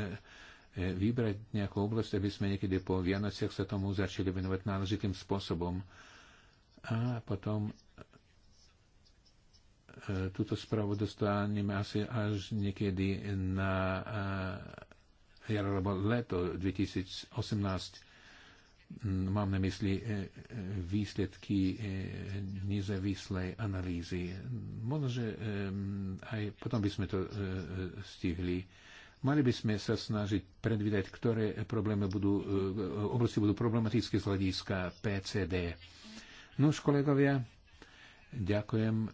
Speaker 2: vybrať nejakú oblasť, aby sme niekedy po Vianociach sa tomu začali venovať náležitým spôsobom. A potom túto správu dostaneme asi až niekedy na jar alebo leto 2018 Mm, mám na mysli e, e, výsledky e, nezávislej analýzy. Možno, že aj potom by sme to stihli. Mali by sme sa snažiť predvídať, ktoré problémy budú, oblasti budú problematické z hľadiska PCD. No, kolegovia, ďakujem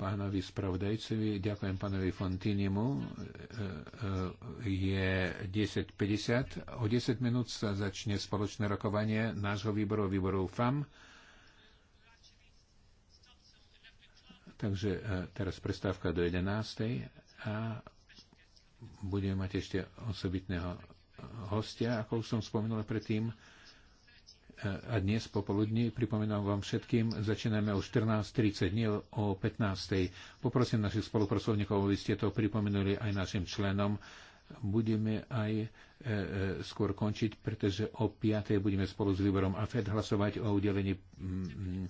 Speaker 2: pánovi spravodajcovi, ďakujem pánovi Fontinimu. E, e, je 10.50. O 10 minút sa začne spoločné rokovanie nášho výboru, výboru FAM. Takže e, teraz prestávka do 11. a budeme mať ešte osobitného hostia, ako už som spomenul predtým a dnes popoludní, pripomínam vám všetkým, začíname o 14.30, nie o 15.00. Poprosím našich spolupracovníkov, aby ste to pripomenuli aj našim členom. Budeme aj e, e, skôr končiť, pretože o 5.00 budeme spolu s výborom AFED hlasovať o udelení mm, mm,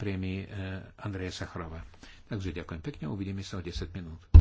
Speaker 2: prémii e, Andreja Sachrova. Takže ďakujem pekne, uvidíme sa o 10 minút.